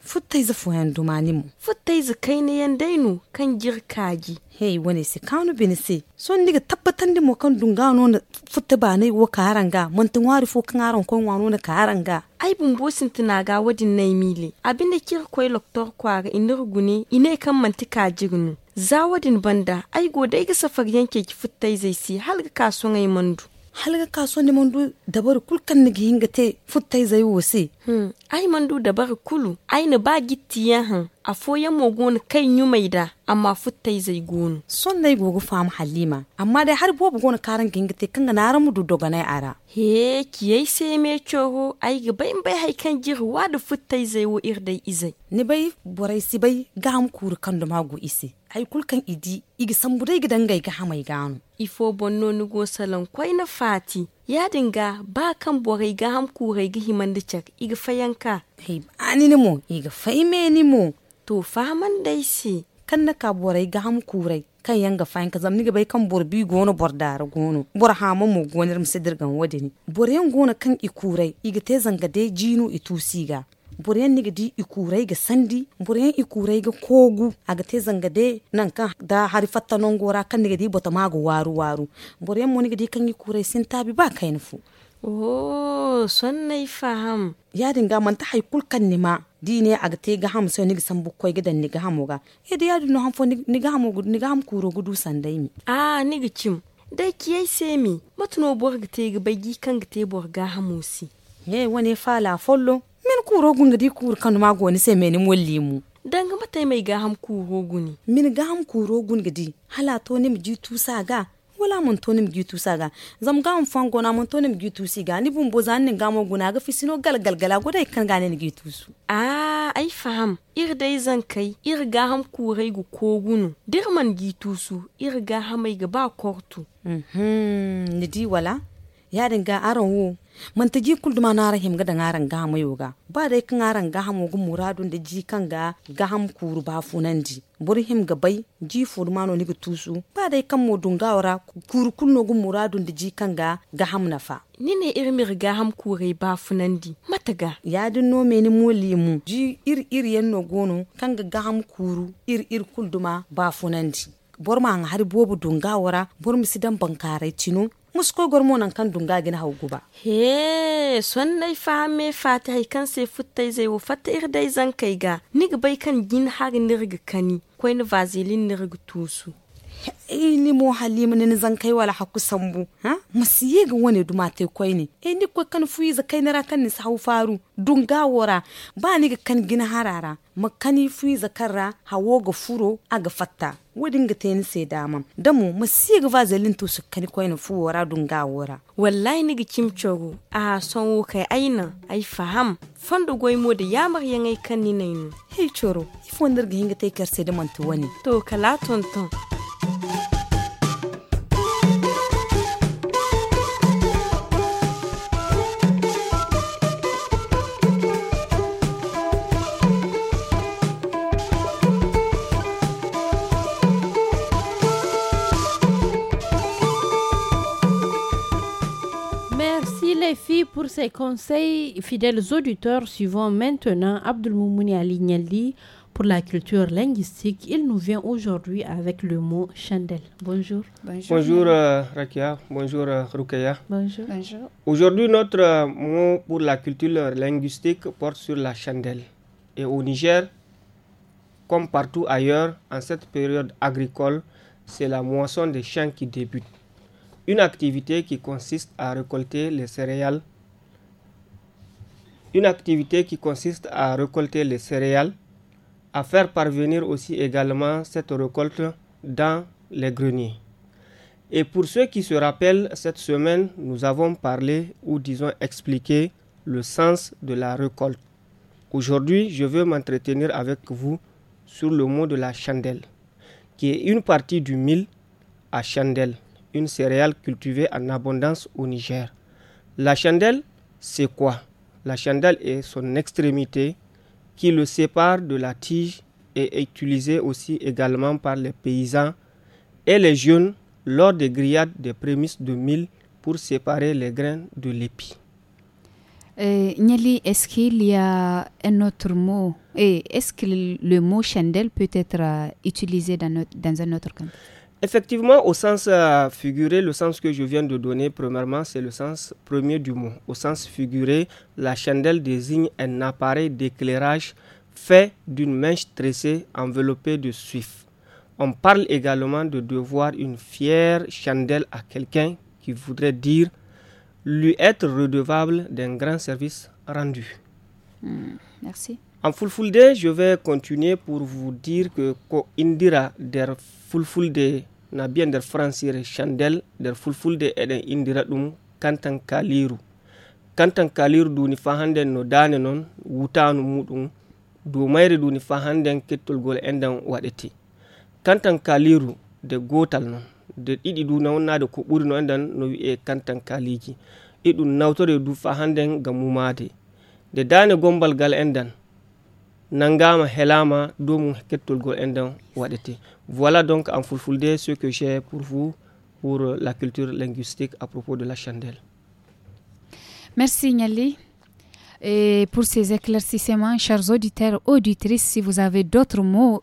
Speaker 14: futtai za yan dumani mu futtai za kai ne yan dainu kan girkaji Hei, wani si kanu bini si so ga tabbatan di mo kan dungano na futta ba nai wo karanga mantin wari fo kan aron kon wano na ga.
Speaker 15: ai bun bosin tuna ga wadin nai mili abinda kira koi loktor kwa ga inir gune ine kan mantika jirnu zawadin banda ai godai ga safar yanke ki futtai zai si halga kasuwan ai mandu halga kaso ne mandu dabar kul kan ni hinga te futtai zai wasi. hmm. ai mandu dabar kulu ai na ba gitti han a foyan mogon kai yu mai da amma futtai zai gonu son nai gogo fam halima amma dai
Speaker 14: har bobu gona karan hinga te kan na ramu mudu doga ara
Speaker 15: he kiyai se me choho
Speaker 14: ai ga bai bai hai kan jirwa da futtai zai wo irdai izai ni bai borai si bai gam kur kan da mago isi ai kan idi Ig samburai gidan gai ga hamai gano ifo
Speaker 15: bonno nugo salon kwai na fati ya dinga ba kan borai ga hamku
Speaker 14: himan fayanka hei ani faime to faman dai kan na ka borai ga hamku rai kan yanga zamni ga kan bor gono bor gono bor mo gonar msidir wadini kan iga itusiga boriyan niga di ga sandi boriyan ikurai kogu aga te zangade da harifata fatta non gora kan di mago waru waru mo kan ba kain fu oh faham ya gamanta hi pulkanima haikul kan ni ham so sambu koy ga dan niga ga e yadu no ham fo nigamogu hamu gu kuro gudu mi ah niga chim
Speaker 15: dai semi matuno no te ga bagi kan ga te eh hamusi ye
Speaker 14: fala min kuro gunga di kuro kanu ma goni sai meni molli mu danga mata mai ga ham kuro guni min ga ham kuro gunga di hala to ne mi wala mun to ne mi ji ga zam ga am fango na mun to ne mi ji tusi ga ni bun bozan ne ga mo guna ga fisino gal gal gala go dai kan ga ne ji tusu
Speaker 15: ah ai faham ir dai zan kai ir ga ham kurai gu ko dir man ji tusu ir ga mai ga ba kortu
Speaker 14: mhm ni di wala ya dinga aron wo man ta ji kul duma da ngaran ga mu yoga ba dai kan ngaran ga mu gu muradun da ji kan ga ga ham kuru ba funan ji burhim ga bai ji furmano ni ga tusu ba dai kan mu dungawara kuru kunno gu muradun da ji kan ga ga ham na fa
Speaker 15: ni ne irin mi ga ham kure ba
Speaker 14: mataga ya din no me ni mulimu mu ji ir ir no gono kan ga ga ham kuru ir ir kul duma ba di. bor ma har bobu dungawara bor mi sidan tinu musko gormonan kan dunga gina hau guba
Speaker 15: he son nai fahame fata kan se futtai zai wufata ir dai zan kai ga nig bai kan gin har nirga
Speaker 14: kani kwai ni vazilin nirga tusu eh ni mo halima ni zan kai wala haku sambu ha musiye ga wani duma tai kwai ne eh ni kwai kan fuyi za kai nara kan ni sa faru dunga wora ba ni kan gina harara makani fuyi za kara hawo ga furo a ga ga teni se dama da damu ga vazelin to su kani na fu wara ga wara wallahi niga kimchogo a son wo kai aina
Speaker 15: ai faham fanda goymo da yamar yangai kan ni nainu hey choro
Speaker 14: ifo ga hinga te karse da mantu wani
Speaker 15: to kala tonton
Speaker 2: pour ces conseils, fidèles auditeurs. Suivons maintenant Abdul Ali pour la culture linguistique. Il nous vient aujourd'hui avec le mot chandelle. Bonjour. Bonjour, Bonjour euh,
Speaker 11: Rakia. Bonjour euh, Rukaya. Bonjour. Bonjour. Aujourd'hui, notre euh, mot pour la culture linguistique porte sur la chandelle. Et au Niger, comme partout ailleurs, en cette période agricole, c'est la moisson des champs qui débute. Une activité qui consiste à récolter les céréales une activité qui consiste à récolter les céréales, à faire parvenir aussi également cette récolte dans les greniers. Et pour ceux qui se rappellent, cette semaine, nous avons parlé ou disons expliqué le sens de la récolte. Aujourd'hui, je veux m'entretenir avec vous sur le mot de la chandelle, qui est une partie du mil à chandelle, une céréale cultivée en abondance au Niger. La chandelle, c'est quoi la chandelle est son extrémité qui le sépare de la tige et est utilisée aussi également par les paysans et les jeunes lors des grillades des prémices de mille pour séparer les grains de l'épi.
Speaker 1: Euh, est-ce qu'il y a un autre mot et eh, est-ce que le mot chandelle peut être euh, utilisé dans, dans un autre contexte
Speaker 11: Effectivement, au sens euh, figuré, le sens que je viens de donner, premièrement, c'est le sens premier du mot. Au sens figuré, la chandelle désigne un appareil d'éclairage fait d'une mèche tressée enveloppée de suif. On parle également de devoir une fière chandelle à quelqu'un qui voudrait dire lui être redevable d'un grand service rendu. Hmm, merci. En Fulfulde, je vais continuer pour vous dire que ko indira der Fulfulde na bien france Francir chandel der fulfulde eden indira ɗum kantan kaliru kantan kaliru duni fa no dane non wutanu muɗum Du duni fa hannden endan e wateti. kantan kaliru de gotal non, de didi du nawnade ko no endan no e kantan kaliji e nawtore du fa De dane gombal e endan voilà donc en fulfulde ce que j'ai pour vous pour la culture linguistique à propos de la chandelle
Speaker 1: merci Nyali et pour ces éclaircissements chers auditeurs auditrices si vous avez d'autres mots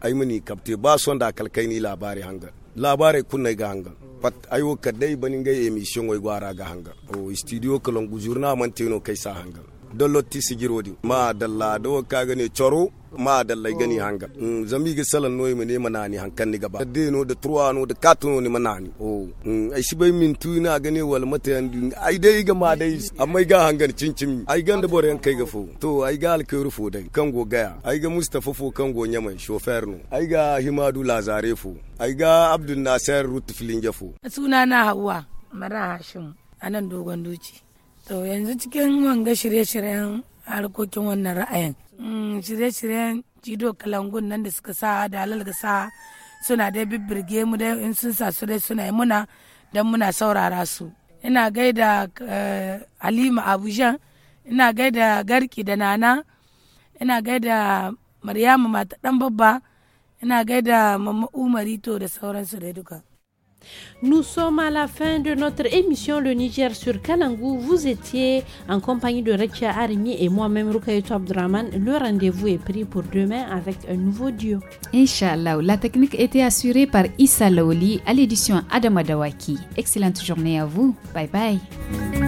Speaker 9: ai mini kapte ba son da kalkai ni labari hanga labari kunne ga hanga pat ayo kadai banin ga emission wai gwara ga hanga o studio kalon gujurna man kai sa hanga dollo ti sigirodi ma dalla do ka gane choro ma da lai gani mm. hanga mm, zami ga salan noy mu ne manani hankan ni gaba de no de trois no quatre no ni manani o oh. mm, ai shi bai min tu na gane wal mata yandi ai dai ga ma dai amma ga hangan cincin ai gan da bore kai ga fo to ai ga alkairu fo dai kan go gaya ai ga mustafa fo kan go nyamai chauffeur no ai ga himadu lazare fo ai ga abdul nasir rutfilin fo.
Speaker 5: suna na hawa mara hashim anan dogon duci to yanzu cikin wanga shirye-shiryen harkokin wannan ra'ayin mm, shirye-shiryen jido kalangun nan da suka sa da halal ga sa suna dai bibbirge mu dai in sun sa su dai suna yi muna don muna saurara su ina gaida eh, halima abujan ina gaida garki da nana ina gaida maryama mata dan babba ina
Speaker 2: gaida mamma umarito da sauransu dai duka Nous sommes à la fin de notre émission Le Niger sur Kalangu. Vous étiez en compagnie de Rekia Arimi et moi-même Rukayoto Abdraman. Le rendez-vous est pris pour demain avec un nouveau duo.
Speaker 1: Inch'Allah, la technique était assurée par Issa Laoli à l'édition Adam Excellente journée à vous. Bye bye.